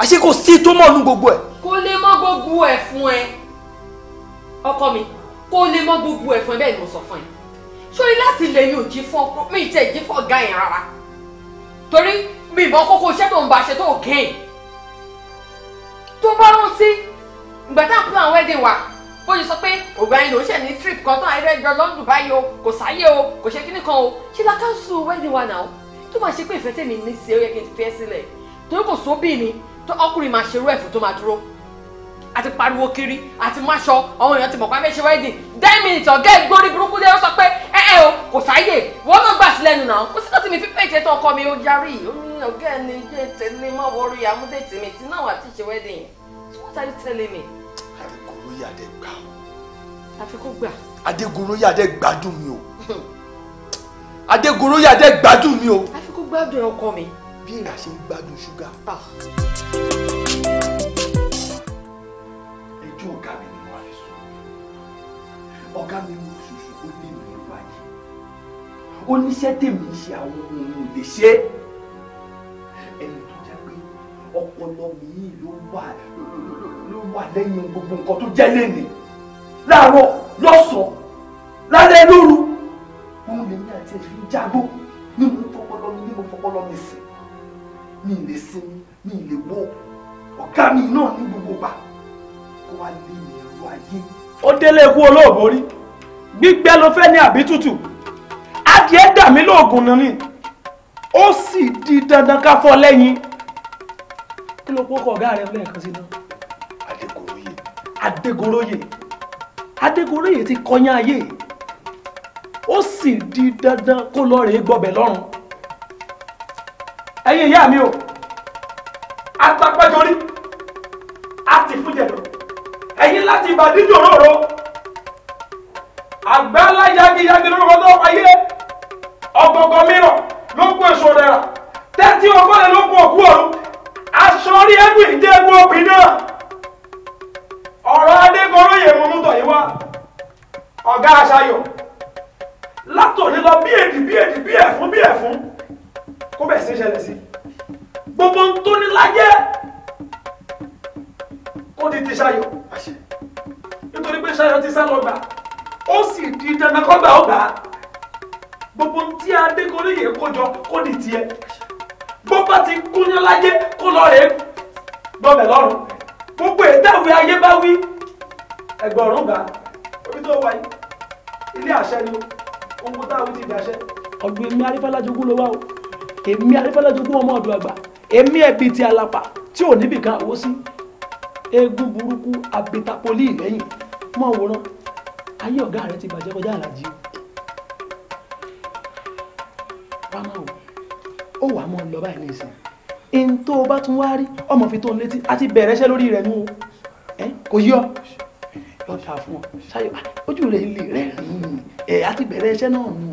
àṣé kò sí tó mọ̀ nú gbogbo ẹ̀. kó lè mọ gbogbo ẹ̀ fún ẹ ọkọ mi kó lè mọ gbogbo ẹ̀ fún ẹ bẹ́ẹ̀ ni mo sọ fún ẹ sórí láti lè yín òjì fún ọkọ mi ìtẹ̀ ìjì fún ọ̀gá yẹn rárá torí mi ìbọn kókó iṣẹ́ tó ń bá ṣe tó kẹ́yìn tó bá rántí ìgbà tá à ń àwọn wedding wa bó ṣe sọ pé ògbà yìí ló ṣe ní trip kan tán àìrẹ́ jọ lọ́ndù báyìí o kò sáyé o kò ṣe kíní kan o ṣé la cancel wedding wa náà tó máa ṣe pé ìfẹ́ tèmi ní sí ó yẹ kí n fi ẹ́ sílẹ̀ torí kò sóbì ni tó ọkùnrin máa ṣerú ẹ̀fọ́ tó máa dúró àti pariwo kiri àti máṣọ àwọn èèyàn ti mọ̀ pé a fẹ́ ṣe wedding ten minutes ọ̀gá ìgbórí burúkú dé ó sọ pé ẹ ẹ o kò sáyè wọ́n náà gbà sí lẹ́nu kò sí láti mi fi pèjẹ tó ọkọ mi ó yarí ó ní ọ̀gá ẹni ilé tẹ̀lé má wọrí amúdẹ̀tì mi tí náà wà á ti ṣe wedding yẹn. What are you telling me? Adégúnlóyè Adégbà. Àfikún gbà. Adégúnlóyè Adégbádùn mi o. Adégúnlóyè Adégbádùn mi o. Àfikún gbádùn ọkọ mi. Bí èèrà ṣe ń gbádùn ṣúgà. Ah. Ẹjọ́ ọ̀gá mi ni wàá fi sùn. Ọ̀gá mi mú oṣooṣù ó lé mi lọ́wọ́ ayé. Oníṣẹ́ tèmi ṣe àwọn ohun ò lè ṣe é ọpọlọ mi ló wà ló wà lẹ́yìn gbogbo nǹkan tó jẹ́ léèlè láàárọ̀ lọ́sàn-án lálẹ́ lóru òun lèmi àti ẹ̀fín jágbó ní mo fọpọlọ mi ní mo fọpọlọ mi sìn mi ì lè sinmi mi ì lè wọ ọ̀gá mi náà ní gbogbo gbà kó wá lé mi ẹ̀rọ ayé. ó délé ikú olóògbé rí gbígbẹ́ ló fẹ́ ní àbí tútù adìẹ dà mí lóògùn ni ó sì di dandan ká fọ́ lẹ́yìn kí ló pọ́kọ̀ ọ̀gá rẹ lẹ́ẹ̀kan sí náà adégoróyè adégoróyè ti kọyán ayé ó sì di dandan kó lọ rèé gbọbẹ lọ́rùn ẹ̀yin ìyá mi o agbápájorí àti fújẹdọ ẹ̀yin láti ìbàdí jòróró àgbẹ̀ aláyagiyagi lórúkọ tó ayé ọgọgọ mìíràn ló kó èso rẹ̀ rà tẹ́tí ọgọ́rin ló kó òkú ọ̀run aṣọ orí ẹgbẹ́ ìdẹ́gbẹ́ obìnrin náà. wá ọ̀gá aṣayọ̀ látòní lọ bí èdì bí èdì bí ẹ̀fún bí ẹ̀fún kó bẹ̀ sí ṣẹlẹ̀ sí gbogbo ń tó ní lájẹ́ kó di ti ṣayọ̀ nítorí pé ṣayọ̀ ti sá lọ gbà ó sì di dandan kọ́ gbà ó gbà á gbogbo tí adékọ̀ọ́lẹ̀ yẹn kó jọ kó di tiẹ̀ bó bá ti kúnyán lájẹ́ kó lọ rèé gbọ́bẹ̀ lọ́rùn gbogbo èdè àwẹ̀ ayé bá wí ẹ̀gbọ́n ọ̀run ga orí tó wáyé ilé àṣẹ ni ohun tá a wí ti di àṣẹ. ọ̀gbìn mi arífẹ́lájogún ló wá o èmi arífẹ́lájogún ọmọ ọ̀dọ̀ àgbà èmi ẹ̀bí ti alapa tí ò níbì kan àwọ̀ sí eégún burúkú abitapoli lẹ́yìn mọ́ òwúrọ̀ ayé ọ̀gá rẹ ti bàjẹ́ kọjá àlàjì o rámà o ó wà mọ́ lọ báyìí nìsín n tó o bá tún wá rí ọmọ fi tó ń létí àti bẹ̀rẹ̀ iṣẹ́ lórí rẹ̀ nù o kò yí ọ wọ́n ta fún ọ ṣáyọ ojú rẹ̀ ilé rẹ̀ rìn ẹ̀ á ti bẹ̀rẹ̀ iṣẹ́ náà nù.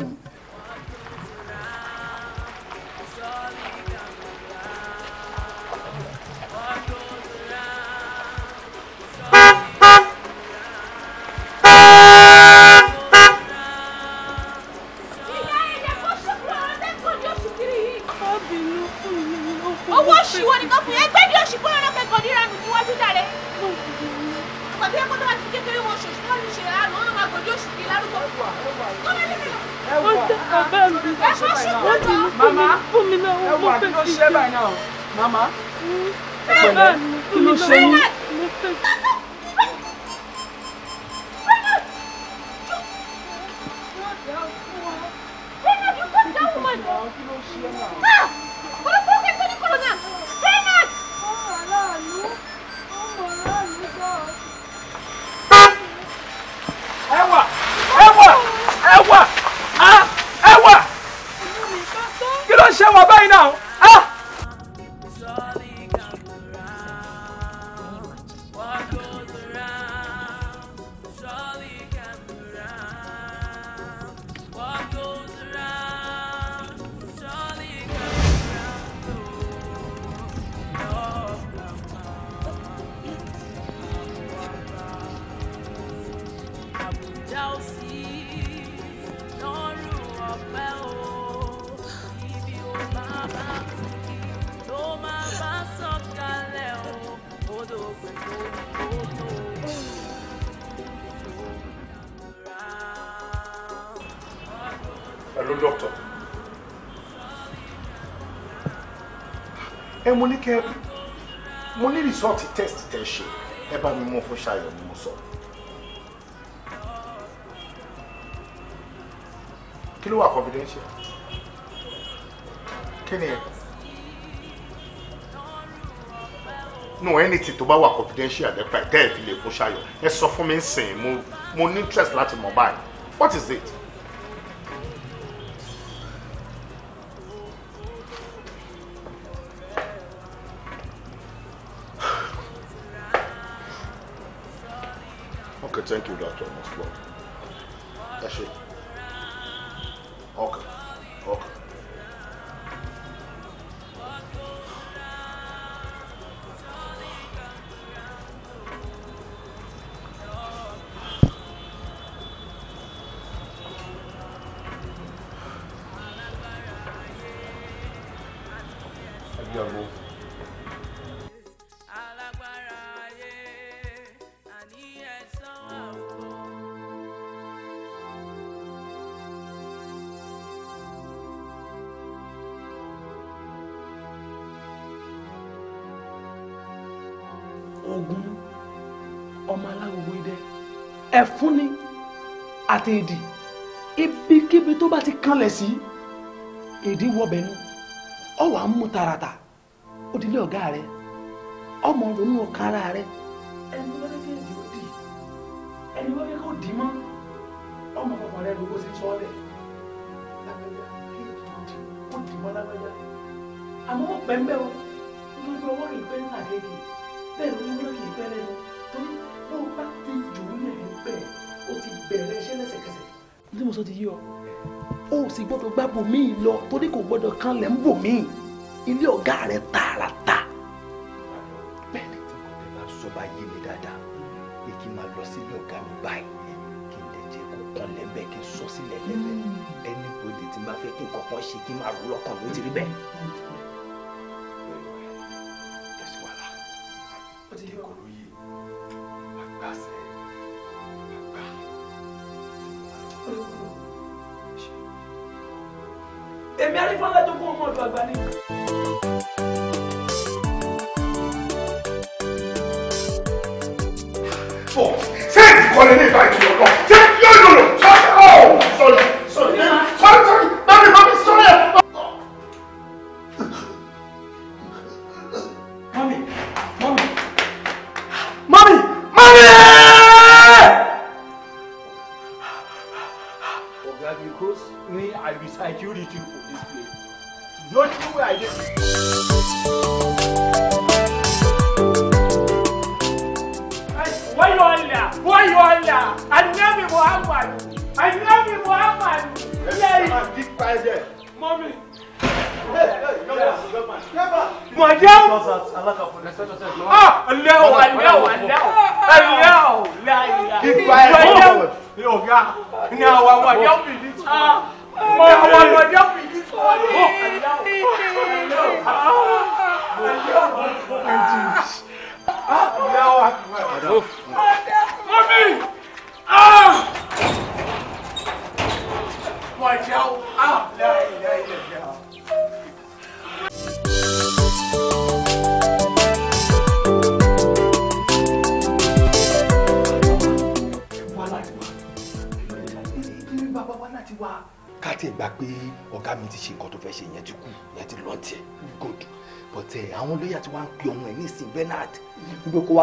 ẹ mo ní kẹ mo ní rìsọ́ọ̀tì test tẹ ṣe ẹ bá mi mú fún ṣayọ̀ ni mo sọ. kí ló wà confidential kí ni ẹ no anything tó bá wà confidential nípa ẹ tẹ́ ẹ fi lè fún ṣayọ̀ ẹ sọ fún mi ń sìn mo mo ní interest láti mọ̀ báyìí what is it. àti ibi ibikíbi tó bá ti kanlẹ̀ sí èdè wọbẹ̀ nù ọwọ́ à òdìlé ọ̀gá rẹ ọmọ ronú ọkàn ara rẹ ẹni tó bá ti ó dì ẹni wọ́n dì mọ́ ọmọ ọmọ rẹ ló kó ó dì mọ́ àmọ́ ní mo sọ ti yí ọ o sì gbọ́dọ̀ gbá bòmíì lọ torí kò gbọ́dọ̀ kanlẹ̀ ń bòmíì ilé ọ̀gá rẹ tààràtà. bẹ́ẹ̀ni tí kò tẹ bá sọ bá yé mi dáadáa pé kí n máa lọ sílé ọ̀gá mi báyìí kí n lè jẹ kó kanlẹ̀ bẹ́ẹ̀ kí n sọ sílẹ̀ lẹ́lẹ̀ ẹni tó di tí n bá fẹ́ kí n kọ́kọ́ ṣe kí n máa rú lọ́kàn ló ti rí bẹ́ẹ̀. èmi arífọ́lá tó kún ọmọ ọ̀dọ̀ àgbà ni. fọ ṣé ìkọlẹ̀ ní ìbáyìí lọ́kọ̀ ṣé yóò lò lò.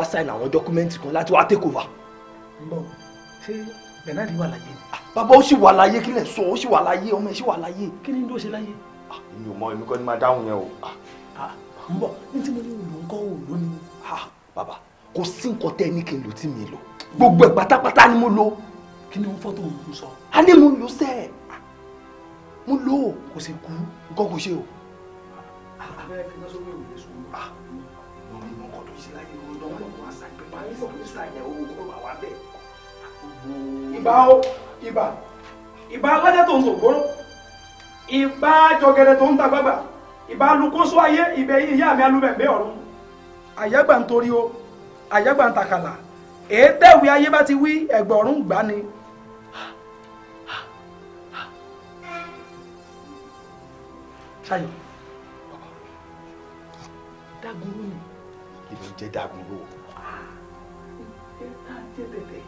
wá sign àwọn dọ́kúmẹ́ǹtì kan láti wá take over. bọ ṣé bernard wà láyé ni. Ah, bàbá ó sì wà láyé kí lè sọ ó sì wà láyé ọmọ ẹ sì wà láyé. kí ni ló ṣe láyé. Ah, èmi ò mọ èmi kọ́ ni máa dáhùn yẹn o. n ah. bọ ní tí mo ní òòlù ńkọ́ òòlù ni. bàbá kò sí nǹkan tẹ́ ní kí n lò tí mi lò gbogbo ẹ̀ pátápátá ni mo lò. kí ni fọ́tò ń sọ. a ní mo lò sẹ́ẹ̀ mo lò kò sì kú nǹkan kò ṣe o. bẹ́ẹ̀ kí n bá sọ wíwò. tí ọ̀pẹ̀sà yẹn owó kọ́ máa wá bẹ́ẹ̀. ìbà o ìbà ìbà alájà tó ń sògbóró ìbà jọgẹrẹ tó ń ta gbàgbà ìbà alukóso ayé ìbẹ̀ yìí ìyá mi alúmẹ̀gbẹ́ ọ̀run àyàgbà ń torí o àyàgbà ń takàlà èé tẹ̀wé ayé bá ti wí ẹ̀gbọ̀n ọ̀run gbá ni. ṣayọ dagoro ni. kí jẹ́ dagoro o jẹ́ bẹ̀bẹ̀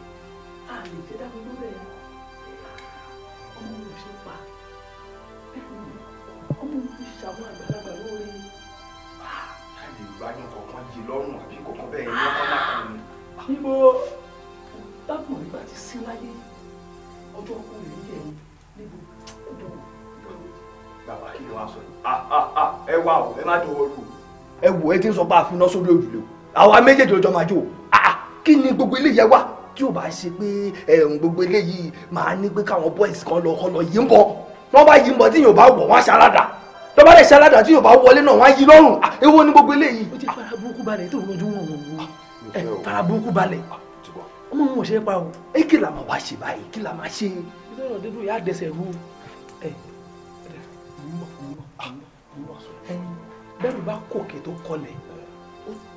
a lè jẹ́ dáko lórí ẹ̀ ọmọ mi fi pa ọmọ mi fi ṣàwọn àgbàlagbà lórí. a lè gbáyàn kọ̀ọ̀kan jí lọ́rùn àbí kọ̀ọ̀kan bẹ́ẹ̀ ni wọ́n kọ́ máa ń lò. níbo tábùn nígbà tí sí láyé ọjọ́ kú rèé yẹ̀ ẹ́ níbo kúndùn bàbá kí ni wàá sọ ah, ah, ah, ẹ wá o ẹ má dọwọ́ lù ẹ wò ẹ ti ń sọ pé àfin náà sórí òjùlé o àwa méjèèjì lójọ́ máa jó o kí ni gbogbo eléyìí ẹ wà tí ò bá ṣe pé ẹ̀hún gbogbo eléyìí màá ní pé káwọn boys kan lọ kọ́ lọ yí ń bọ̀ wọ́n bá yí ń bọ̀ tí yóò bá wọ̀ wọ́n aṣáláda tọ́ba lè ṣáláda tí yóò bá wọlé náà wọ́n á yí lọ́rùn ah, èwo ni gbogbo eléyìí. ó ti fara burúkú balẹ̀ tó rojú wọn wọn wọn ah, fara burúkú balẹ̀ ah, ọmọ wọn ò ṣe é pa o. ẹ kí la máa wá ṣe báyìí kí la máa ṣe. ìṣòro dídùn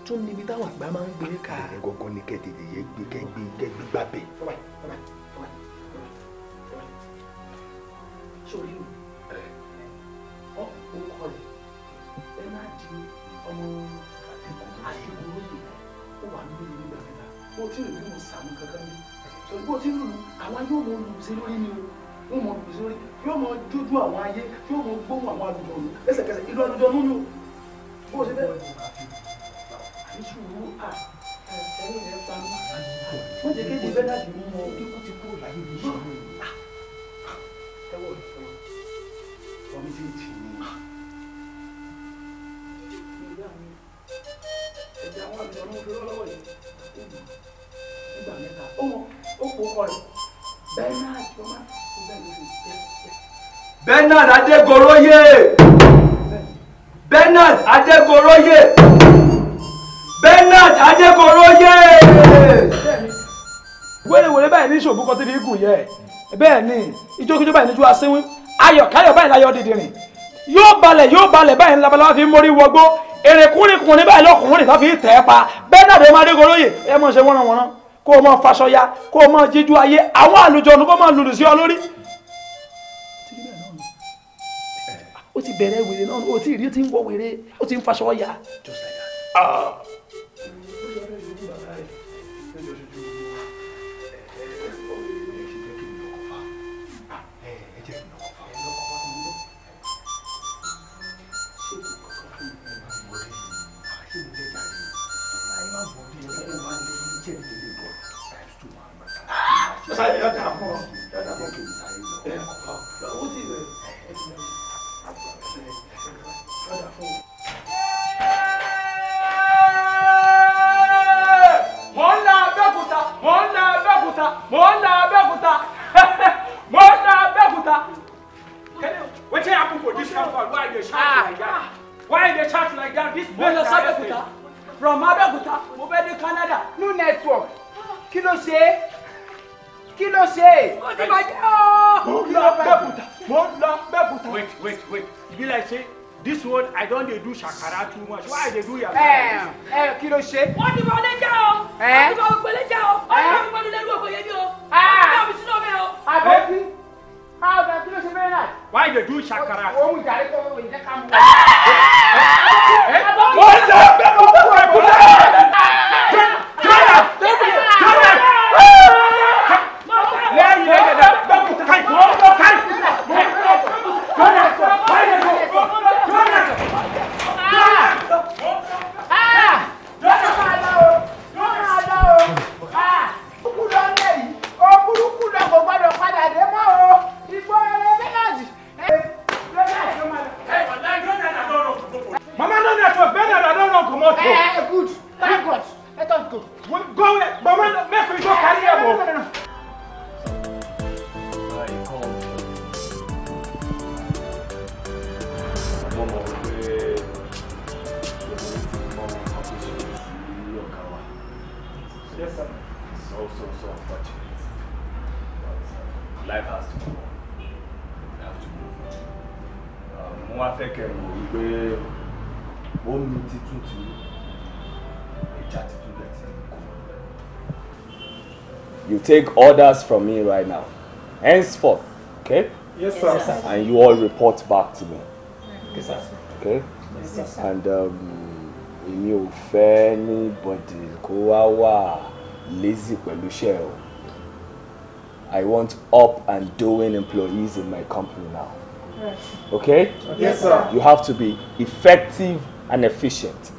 tún níbi táwọn àgbà máa ń gbé ká. ìyẹn gangan ni kẹ́tẹ̀tẹ̀ yẹ gbé kẹ́gbé kẹ́gbé gbàbẹ̀. sórí o orúkọ rẹ ẹ má di ọmọ àtìkù lóye ó wà nínú ìlú gbàgbẹ́ta ó tí ò ní mọ̀ sàmù kankan ní sọ̀rọ̀ bó ti ń àwọn yóò mọ̀ olùsí lórí ni o wọn mọ gbèsè orí yóò mọ dúdú àwọn ayé yóò mọ gbóhùn àwọn àlùjọ òru lẹ́sẹ̀kẹsẹ̀ ìlú àlùjọ múlò bó ṣe bẹ́ẹ̀ àti sùúrù à ẹ̀yìn rẹ̀ pa mí. wọ́n ti kéde bẹ́ẹ̀ láti mú wọn. bí wọ́n ti kó láyé mi ṣe mí. ẹwọ ẹwọ ọmọ tí ì tì mí. ìyá mi ẹ̀jẹ̀ àwọn àgbẹ̀ ọ̀run fi lọ́wọ́ yìí nígbà mẹ́ta ó kó ọkọ rẹ̀ bẹ́ẹ̀ náà tó má tó bẹ́ẹ̀ ló fi jẹ́. Bernard Adegoroye Bernard Adegoroye. Bernard Ajẹ́kọ̀ọ́rọ́yè wẹ́rẹ́wẹ́rẹ́ báyìí ní ṣòbúkọ tí fi gùn yẹ bẹ́ẹ̀ ni ìjókòjó báyìí níjú asínwín ayọ̀káyọ̀ báyìí láyọ̀ dìdìrìn yóò balẹ̀ yóò balẹ̀ báyìí ní labalábá fi mórí wọgbó èrèkúnrìnkùn ní báyìí lọkùnrin tó fi tẹ̀ ẹ́ pa Bernard Ajẹ́kọ̀ọ́rọ́yè ẹ mọ̀ ṣe wọ́nà wọ́nà kó o mọ̀ faṣọ ya kó o mọ̀ jíjú ayé àwọn àlùjọ̀nù kó o mọ̀ lùlù sí ọ lórí ó ti bẹ̀rẹ̀ wèrè náà ó ti rí ó ti ń wọ wèrè ó ti ń faṣọ ya. just like that. sáré yọ̀dà mọ́ yọ̀dà mọ́ kí n sáré lọ. ó ti rẹ̀ for dis compound why you dey like that why you dey like that dis boy na from abẹ́kúta mo fẹ́ dé Canada new network kí ló ṣe é kí ló ṣe ó ti bàjẹ́ o. mo ń lọ bẹ́kùtà mo ń lọ bẹ́kùtà. wait wait wait you be like say this one i don dey do shakara too much why i dey do yaba. ẹ ẹ kí ló ṣe. wọ́n ti bọ̀ ọ́ lẹ́jà o. ẹ wọ́n ti bọ̀ ọ́ gbẹ̀lẹ́jà o. wọ́n ti bọ̀ ọ́ gbẹ̀lẹ́jà o. wọ́n ti bọ̀ ọ́ gbẹ̀lẹ́jà o how na kí ló ṣe fẹ́ràn why you do shakara. ohun ìjà rẹ kọ́ ohun ìjà ká mú. ó ń lọ bẹ́ẹ̀ lọ́wọ́ ẹ̀kú náà. take orders from me right now. Henceforth, okay? Yes, sir. Yes, sir. And you all report back to me. Yes, sir. Okay? Yes, sir. And um, èmi ò fẹ́ anybody kó wá wà lazy pẹ̀lú iṣẹ́ I want up and doing employees in my company now. Right. Okay? Yes, sir. You have to be effective and efficient.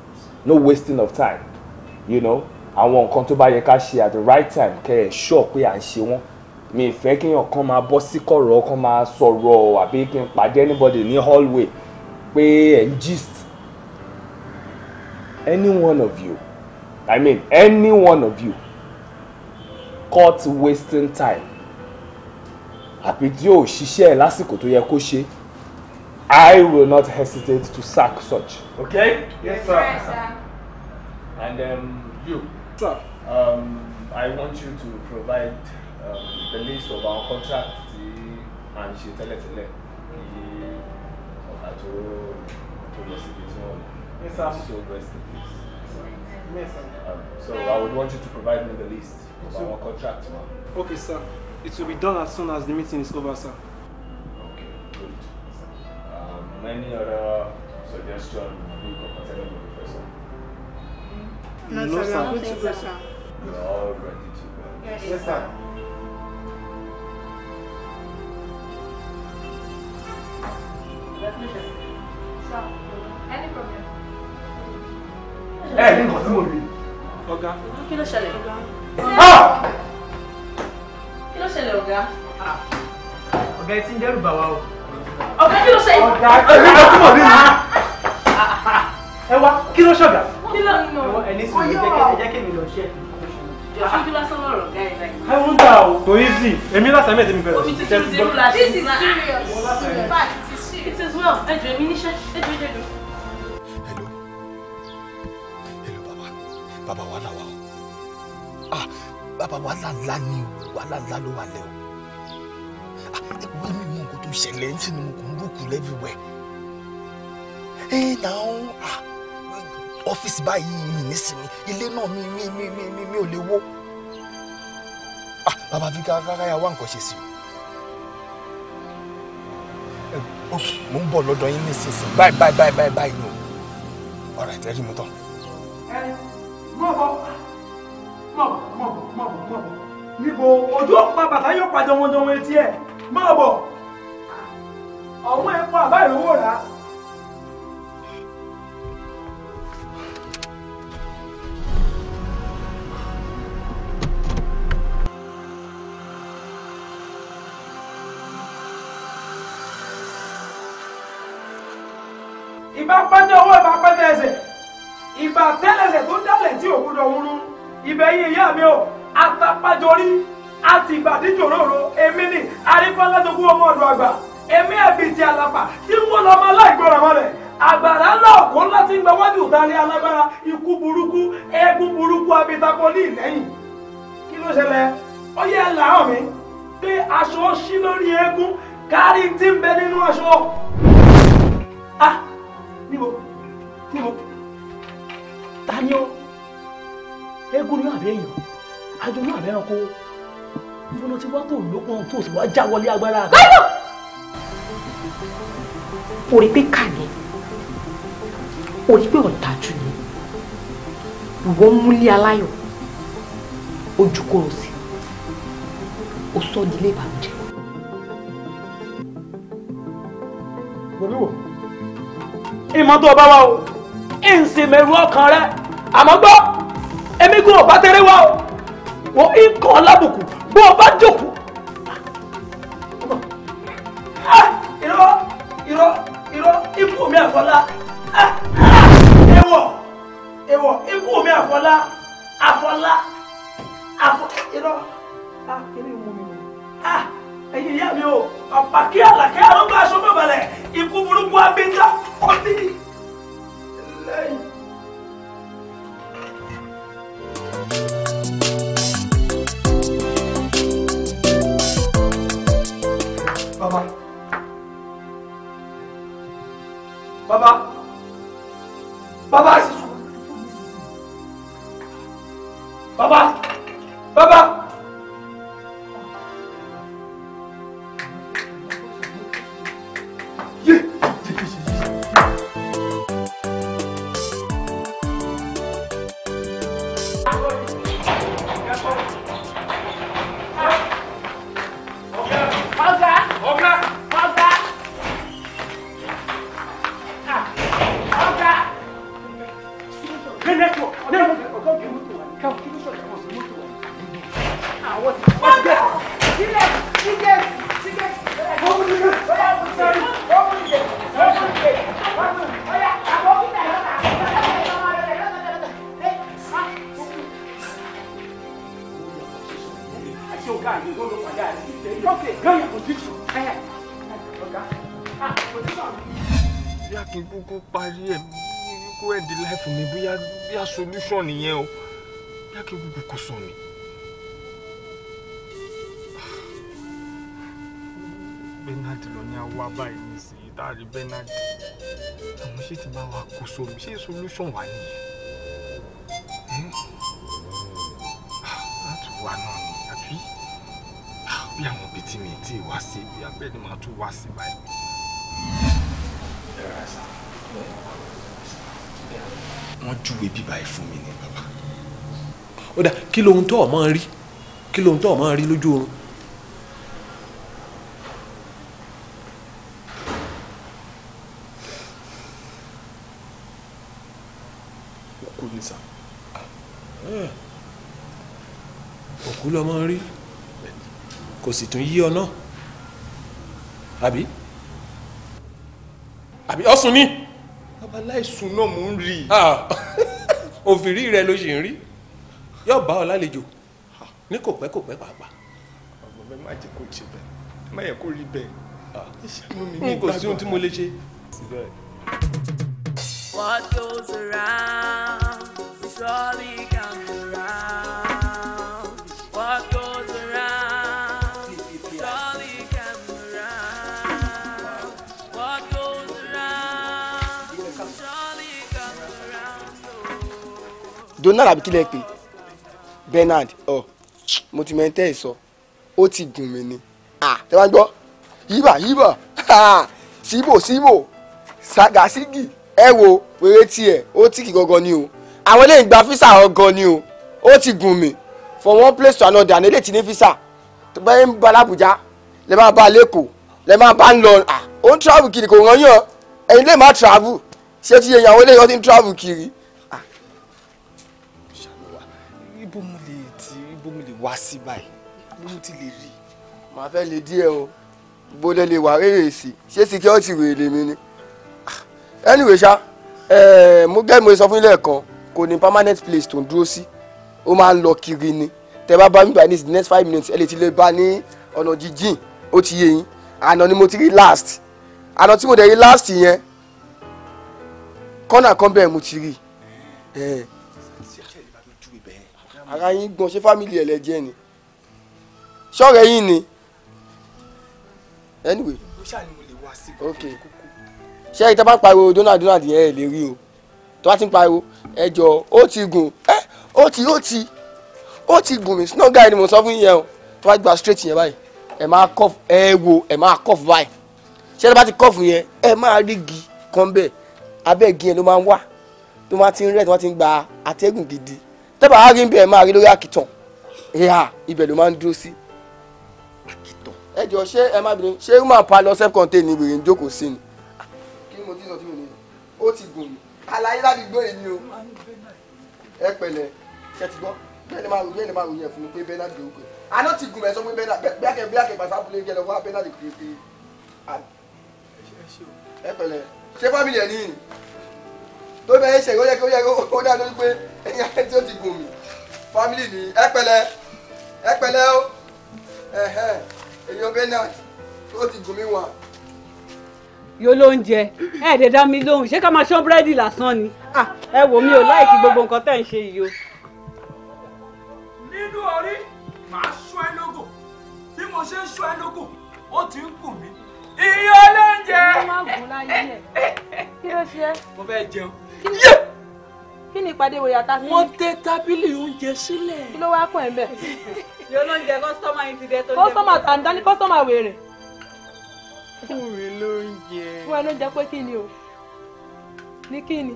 No wasting of time. You know? àwọn nǹkan tó bá yẹ ká ṣe at the right time kẹ́ ẹ̀ ṣọ́ pé à ń ṣe wọ́n mi fẹ́ kí èèyàn kan máa bọ́ sí kọ̀rọ̀ kan máa sọ̀rọ̀ àbí kí n pàdé anybody ní hallway pé ẹ̀ ń gist any one of you i mean any one of you Cut wasting time àbí tí yóò ṣiṣẹ́ lásìkò tó yẹ kó ṣe i will not hesitate to sack such. okay yes sir, yes, sir. and um, you. Sir. Um, I want you to provide um, the list of our contracts tí à ń ṣe tẹ́lẹ̀tẹ́lẹ̀ kí ọ̀gá to tó lọ síbi tí So rest in peace. Yes, sir. Um, so I would want you to provide me the list of so, our contracts. Okay, sir. It will be done as soon as the meeting is over, sir. Okay, good. Um, any other suggestion? No, no sir, we are good to go, sir. We are all ready Ẹ ní nǹkan tí mo rí. Ọ̀gá. Kí ló ṣẹlẹ̀? Kí ló ṣẹlẹ̀ ọ̀gá? Ọ̀gá ẹ ti ń dẹ́rù bà wá o. Ọ̀gá kí ló ṣẹlẹ̀? Ọ̀gá kí ló ṣẹlẹ̀? Ẹ wá kí ló ṣọ̀gá? ẹwúndà o oh. kò yí sí èmi lásán mẹ́tẹ̀ mi bẹ̀rẹ̀ sí tẹ́sí gbọ́. this is serious in fact it is well ẹjọ èmi níṣẹ́ ẹjọ ẹjọ ẹjọ. hello hello baba baba wàhálà wa o ah baba wàhálà ńlá ni o wàhálà ńlá ló wà lẹ ah ẹgbẹ́ mi mọ nǹkan tó ṣẹlẹ̀ ń sinmi mo kò ń rúkú lẹ́fíwẹ̀ ẹ̀ náà ah ọ́fíìsì báyìí mi ní sinmi ilé náà mi mi mi mi mi mi ò lè wó ah bàbá fi kárakára ya wá nǹkan ṣe sí o eh, ok mò ń bọ̀ lọ́dọ̀ yín nísinsìnyí báyìí báyìí báyìí báyìí báyìí ni o ọ̀rọ̀ àti ẹ̀rí mi tán. ẹ eh, mọ̀ bọ̀ mọ̀ bọ̀ mọ̀ bọ̀ mọ̀ bọ̀ níbo ojú ọ̀pá bàtà yóò pa jọmọjọmọ etí ẹ̀ mọ̀ bọ̀ ah, ọ̀wọ́n ẹ̀ pa àbá ìrówó rà á. ìbá pẹ́tẹ́ ọwọ́ ìbá pẹ́tẹ́ ẹsẹ̀ ìbá tẹ́lẹsẹ̀ tó dálẹ̀ tí òkú dọ̀ wúrú ibẹ̀ yìí ìyá mi ò atapájọrí àti ìbàdíjòróró èmi ni arípálátógún ọmọ ọ̀dọ̀ àgbà èmi ẹ̀bì ti àlàpà tí wọ́n lọ́mọ aláìgbọràn mọ́lẹ̀ àgbàrá náà kó láti ń gbawájú ìdarí alágbára ikú burúkú eégún burúkú abitakọ ní ìlẹ́yìn kí ló ṣẹlẹ̀ ó yẹ làwọn mi pé aṣọ ṣí lórí eégún kárí tí ń bẹ nínú aṣọ. ah níbo níbo ta ni ó eégún ní àbẹ èèyàn àjọ ní àbẹ ẹranko ìfọ̀nà tí wá tó lókun tó sì wá já wọlé agbára rẹ. orí pé kà ní orí pé ọ̀dájú ni ìwọ ń múlé aláyọ̀ ojú kòrò sí o. sọ ní ilé ìbànújẹ́. Olúwo ìmọ̀ tó bá wa o ìsìn mẹ́rù ọkàn rẹ àmọ́ gbọ́ èmi kò bá tẹ́rẹ́ wa o wò ìkàn lábùkù bó o bá jókòó. Ah, ah, irọ́ irọ́ irọ́ ikú mi àfọlá ewọ ah, ewọ ikú mi àfọlá àfọlá àfọ irọ́ ah kí ni mo mi ah ẹ̀yin ìyá mi o pàpà kí àlàkẹ́ àlọ́ bá aṣọ mẹ́balẹ̀ ikú burúkú abẹ́jà ọtí. option nìyẹn o yàgé gbogbo kò sọ mi. Bernard lọ ní àwa báyìí nísìnyí tá a rí Bernard àwọn ṣé ti bá wa kó sómi ṣé solution wà nìyẹn hmm? ah, láti wà náà ni àbí ah, bí àwọn bíi tí mi ti wá sí ibi abẹ́ni máa tún wá sí báyìí. wọ́n júwe bíbá yìí fún mi ní bàbá. ó dà kí lohun tó ọmọ rí kí lohun tó ọmọ rí lójú oorun. òkú ni sà òkú lọmọ rí kò sì tún yí ọ náà àbí àbí ọsùn ni aláìsùn náà mò ń rí i. Ah, òfìrí rẹ ló ṣì ń rí yóò bá ọ lálejò ní kò pẹ́ kò pẹ́ pàápàá. ọ̀gbọ́n mi má jẹ́ kó ṣe bẹ́ẹ̀ má yẹ kó rí bẹ́ẹ̀. Ah, n kò sí ohun tí mo lè ṣe. What goes around is surely donald abikilẹ pé bernard ọ mo ti mẹ́tẹ́ ẹ̀ sọ ó ti gùn mí ni tẹ wá gbọ́ yíbà yíbà síbò síbò ṣàgàṣígì ẹ wo wéré tiẹ̀ ó tìkì gangan ni o àwọn eléyìí gba físà gangan ni o ó ti gùn mí from one place to another àná eléyìí ti ní físà tó bá ń ba làbújá lè máa ba lẹ́kọ̀ọ́ lè máa ba ń lọ ó ń travel kiri kò rán yàn ẹ̀yin lè má travel ṣé ti yẹ ìyàwó eléyìí ó ti ń travel kiri wá sí báyìí mo ti lè rí. màá fẹ́ lè díẹ̀ o bóde lè wà rèé sí ṣé security wèrè mi ni ah, anyway ṣá eh, mo gẹ́ mo sọ fún ilé ẹ̀kan kò ní permanent place tó ń dúró sí ó máa ń lọ kiri ni tẹ bá bá mi bá ní the next five minutes ẹ lè ti lè bá ní ọ̀nà jíjìn ó ti yé yín àná ni mo ti rí last àná tí mo dẹ̀ rí last yẹn kọ́nà kan bẹ́ẹ̀ mo ti rí. Eh, ara yín gbọ́n ṣé fámìlì ẹ̀ ni ṣọ́ọ̀rẹ́ yín ni anyway. ó ṣàní mo lè bá pariwo donald donald yẹn ẹ lè rí o tó bá ti ń pariwo ẹ ó ti gùn ẹ ó ti ó ti ó ti gùn mí snow guy ni mo sọ fún yín yẹn o tó bá gba straight yẹn báyìí ẹ máa cough ẹ wo ẹ máa cough báyìí ṣé ẹ bá ti cough yẹn ẹ máa rí igi kan bẹ́ẹ̀ abẹ́ igi yẹn ló máa ń wà tó máa ti ń rẹ̀ tó máa ti ń gba atẹ́gùn gidi tẹ́bà á rí ń bẹ̀ máa rí lórí àkìtàn ìhà ibẹ̀ ló máa ń dúró sí. àkìtàn. ẹ jọ ṣé ẹ má bínú ṣé human palo self contained ni wèrè ń jókòó sí ni. kí ni mo ti sọ tí mo ní o ti gùn mí àlàyé láti gbọ́ èyí o ẹ pẹ̀lẹ́ ṣe ti gbọ́ bẹ́ẹ̀ ni máa rò bẹ́ẹ̀ ni máa rò yẹn fún mi pé bẹ́ẹ̀ náà dòwó pé àná ti gùn mẹ́ sọ pé bẹ́ẹ̀ náà bí àkẹ́ bí àkẹ́ pàṣápùlé jẹ́ tó bẹ́ẹ̀ ṣe ó yẹ kó yẹ kó dá lórí pé ẹ̀yin ayé tí ó ti gùn mí fámìlì mi ẹ pẹ̀lẹ́ ẹ pẹ̀lẹ́ o èèyàn bernard ó ti gùn mí wà. yóò ló ń jẹ ẹ ẹ̀ẹ́dẹ̀ dá mi lóhùn ṣé ká máa ṣán búrẹ́dì lásán ni ẹ wò mí o láìkí gbogbo nǹkan tẹ̀ ń ṣe yìí o. nínú orí màá sọ ẹ lógo bí mo ṣe ń sọ ẹ lógo ó ti ń kù mí iye olóúnjẹ. mo máa gùn láyé ẹ kí ló ṣe mo fẹ́ jẹun kí ni ìpàdé wo yàtá sí. wọ́n tẹ tábìlì oúnjẹ sílẹ̀. kí ló wá pọ̀ ẹ̀ bẹ́ẹ̀. yóò ló ń jẹ kọ́sítọ́mà yìí ti dé tó jẹ. kọ́sítọ́mà tàǹdá ní kọ́sítọ́mà wèrè. fún mi ló ń jẹ. fún ẹ ló ń jẹ pé kí ni o ní kí ni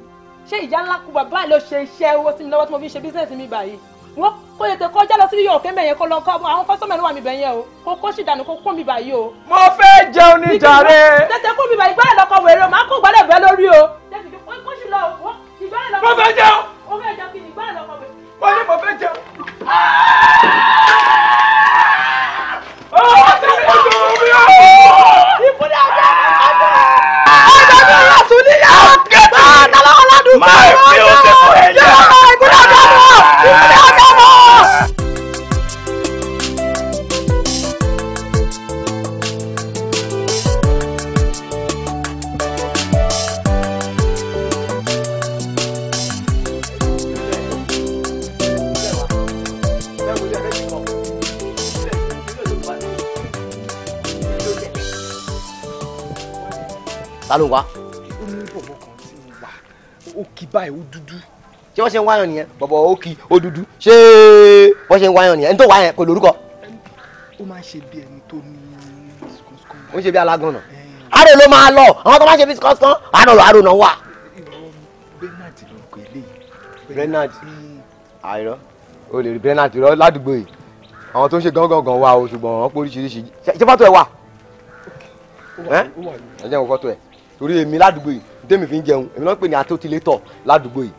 ṣé ìyá ńlá kú bàbá ló ṣe iṣẹ́ owó sí mi lọ́wọ́ tí mo fi ń ṣe bísíǹsì mi báyìí wọ́n kó lè tẹ kọjá lọ sí yóò kẹ́ mẹ́yẹn kó lọ kọ́ àwọn kọ́sọ́mẹ̀ ló wà mí bẹ̀yẹn o kó kó sì dànù kó kó mi báyìí o. mo fẹ́ jẹun ní jàre. tètè kó mi báyìí gbọ́dọ̀ lọ́kọ̀ wèrè o máa kó gbọ́dọ̀ bẹ́ lórí o lọ o ìgbà ìlọ. mo fẹ́ jẹun. o fẹ́ jẹun kí ni ìgbà ìlọ kọ̀wé. mo ní mo fẹ́ jẹun. ọ̀ọ́ tẹ̀lé ìṣòro mi ò. ìbúdà jẹ́ ọ̀dọ́. ọ̀dọ́ mi ò rà sùn níyà. ọ̀gẹ̀dẹ̀. ọ̀dọ́ lọ́wọ́ lọ́dún. máa ń fi ta ló wá. ó ní bọ̀bọ̀ kan tí mo wà ó kì báyìí ó dúdú. ṣé wọ́n ṣe ń wáyàn nìyẹn bọ̀bọ̀ ó kì ó dúdú ṣé wọ́n ṣe ń wáyàn nìyẹn ẹni tó wáyàn kò lórúkọ. ó máa ń ṣe bí ẹni tó ní sukùnsukùn. ó ń ṣe bí alágànnà. àrò ló máa lọ àwọn tó máa ṣe bí àrò lọ àrò náà wà. Bernard ló ń pè é eh. o lè àwọn tó ń ṣe gángangan wa o ṣùgbọ́n wọn pé oríṣiríṣi ṣe fọ́tò ẹ̀ wà ẹ jẹ́ n fọ́tò ẹ̀ torí èmi ládùúgbò yìí tèmi fi ń jẹun èmi náà pè ní atótilétọ̀ ládùúgbò yìí.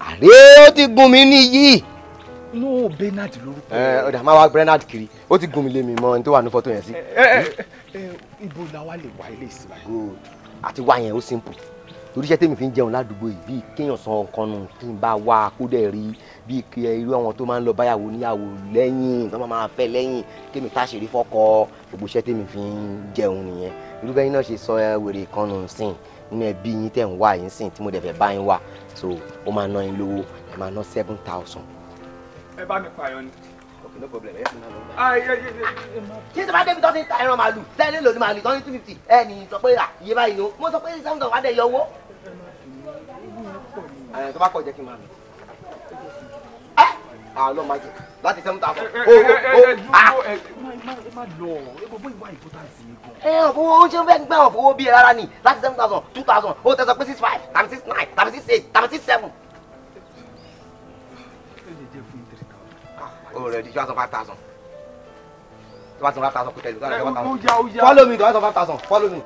àrè ó ti gún mi níyì. no Bernard lórúkọ. ẹ ọ̀dà máa wá Bernard kiri ó ti gún mi lé mi mọ ẹni tó wà ní fọ́tò yẹn sí. ibo la wá lè wá ilé ìsìn báyìí. àti wá yẹn ó simple torí iṣẹ́ tèmi fi ń jẹun ládùúgbò yìí bíi kéèyàn sọ nǹkan nù kí n bá wá kó dẹ̀ rí bíi kí irú àwọn tó máa ń lọ báyàwó níyàwó lẹ́yìn tó máa máa fẹ́ lẹ́yìn kémi táṣìírí fọ́kọ gbogbo iṣẹ́ tèmi fi ń jẹun nìyẹn irú bẹ́ẹ̀ náà ṣe sọ wèrè kan nù sìn nínú ẹbí yín tẹ̀ ń wá yín sìn tí mo dẹ̀ fẹ́ bá yín wá so ó máa ná yín lówó ẹ máa ná seven thousand. ẹ bá mi pààyàn ni. okay no problem ẹ yẹ kí náà lọ gbà. kí ni tó bá débi tó ti ta ẹran màálù tẹ́lẹ̀ lòdì màálù tó two fifty ẹ ní sọ pé iye báyìí o mo sọ pé seven thousand wà á dẹ̀ yọ tó bá kọ̀ jẹ́ kí n máa lọ àlọ́ máa jẹ láti seven thousand. ẹ ẹ ẹ ẹ dúró ẹ má lọ ẹ bọ bọ ìwà ìbúta sí i ẹ ọ̀fọwọ́ ó ṣe ń fẹ́ gbẹ́ ọ̀fọwọ́ bíi rárá ni láti seven thousand two thousand ó tẹ̀sán pé six five tàbí six nine tàbí six eight tàbí six seven. o rẹ di two thousand five thousand two thousand five thousand kò tẹ̀lé two thousand five thousand follow me two thousand five thousand follow me.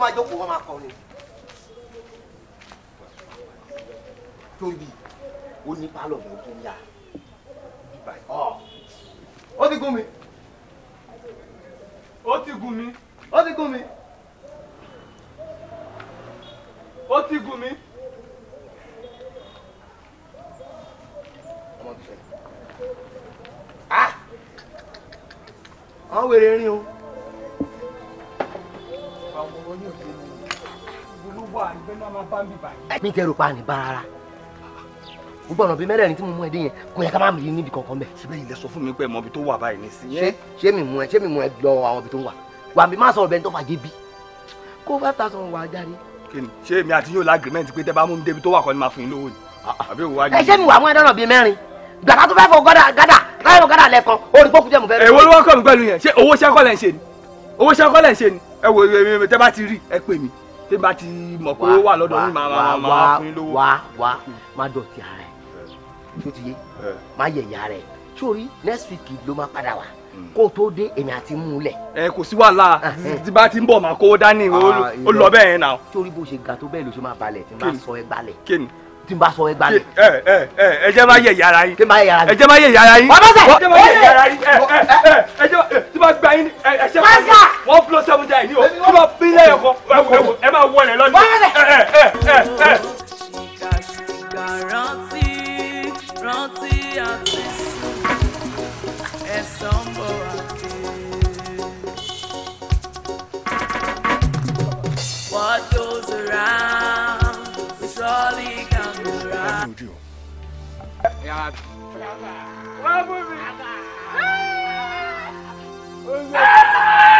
máa jókòó wọn máa kọrin tóbi ó ní pálọ̀ mi ó tún yá ó ti gún mi ó ti gún mi ó ti gún mi ó ti gún mi. Ah! àwọn wèrè rin o. wà ìgbẹ́nu àmà bá mi bàyí. mi tẹ rò pa ní bàrà n gbọ́dọ̀ bíi mẹ́rẹ̀ẹ̀rin tí mo mú ẹ dé yẹn kò yẹ ká má mi yín níbi kankan bẹ̀. síbẹ̀ ilẹ̀ sọ fún mi pé mọbi tó wà báyìí ní sí. ṣé ṣé mi mú ẹ ṣé mi mú ẹ lọ àwọn ibi tó ń wà wà mí má sọ̀rọ̀ bẹ́ẹ̀ tó fàjẹ́ bí kó five thousand wà á jáde. kí ṣé èmi àti yóò la pé tẹ bá mú mi débi tó wà kọ́ ni máa fún yín lówó ni. Ah, ah. àbí òwò ajé. ẹ ṣé mi wà mú ẹ dọ́nà bíi mẹ́rin gbàtà tó fẹ́ fọ gádà láyọ̀ gádà lẹ́kan tí bá ti mọ̀ pé ó wà lọ́dọ̀ yín máa máa fún yín lówó. wá wá má dọ̀tí ara ẹ̀ tí ó ti yé má yẹ̀yà rẹ̀ sórí next week ló máa padà wá hmm. kó tó dé èmi àti mú lẹ̀. ẹ kò sí wàhálà ah, eh. tí bá ti ń bọ̀ máa kó dání ah, ó lọ bẹ́ẹ̀ náà. sórí bó ṣe ga tó bẹ́ẹ̀ ló ṣe máa balẹ̀ tí máa sọ ẹ gbalẹ̀. kéènì tí n bá sọ ẹgbàá ni. ẹ ẹ bá yẹ yàrá yín. kí n bá yẹ yàrá yín. ẹ jẹ́ bá yẹ yàrá yín. wọ́n bá ẹ jẹ́ bá yẹ yàrá yín. ẹ ẹ ẹ jẹ́ bá tí bá gba yín. ẹ ṣe máa ń wọ́n fúlọ́ sẹ́mu jà yìí o. tí bá bí lẹ́yìn kan ẹ máa wọlé lọ́nà. wọ́n bá sẹ̀. ẹ ẹ ẹ ẹ. rántí Ya. Bravo. Bravo. Bravo.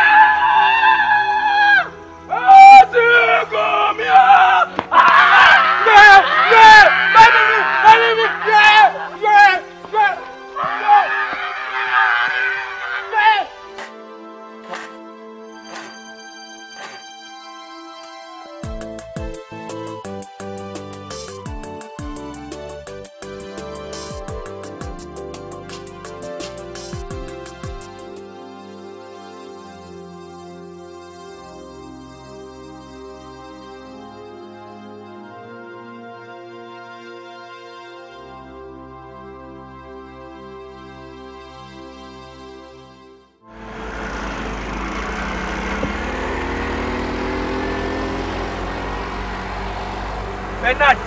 Bernard.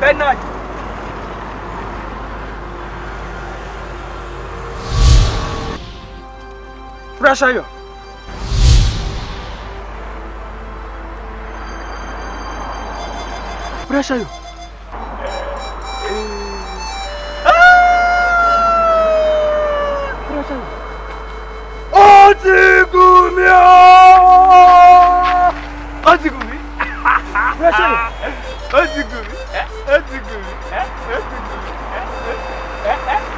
Bernard. Pressure. Rashayo. Oh, Tigumia! ó ti gùn mí ó ti gùn mí ó ti gùn mí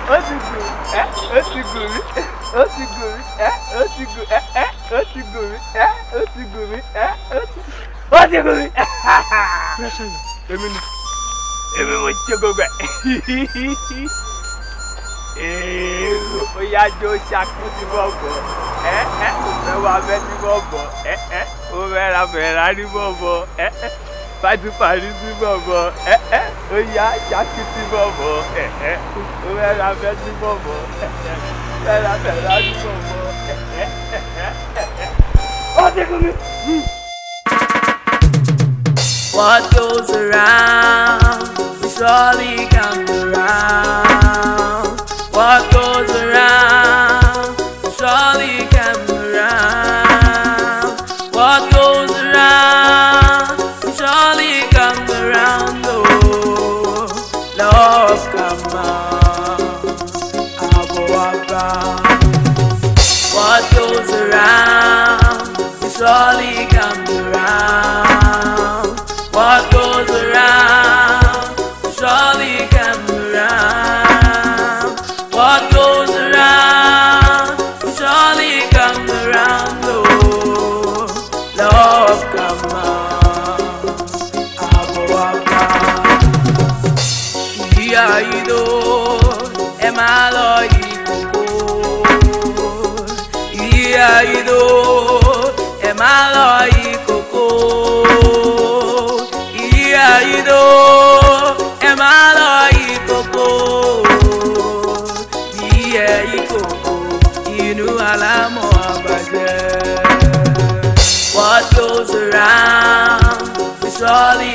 ó ti gùn mí ó ti gùn mí ó ti gùn mí ó ti gùn mí ó ti gùn mí ó ti gùn mí ó ti gùn mí. èmi ni èmi mo ṣe gbogbo ẹ. ó yá jó ṣakú sí bọ̀bọ̀ ẹ ẹ òfẹ́ wa fẹ́ sí bọ̀bọ̀ ẹ ẹ òfẹ́ ra fẹ́ ra ní bọ̀bọ̀ ẹ ẹ fati parisi bọ̀bọ̀ ẹ̀ẹ́ ó yá yakiti bọ̀bọ̀ ẹ̀ẹ́ ó rẹ́ra fẹ́tí bọ̀bọ̀ ẹ̀ẹ́ rẹ́ra fẹ́tí bọ̀bọ̀ ẹ̀ẹ́ ẹ̀ẹ́ ó ti kú mi. What goes around surely comes around. What goes Charlie.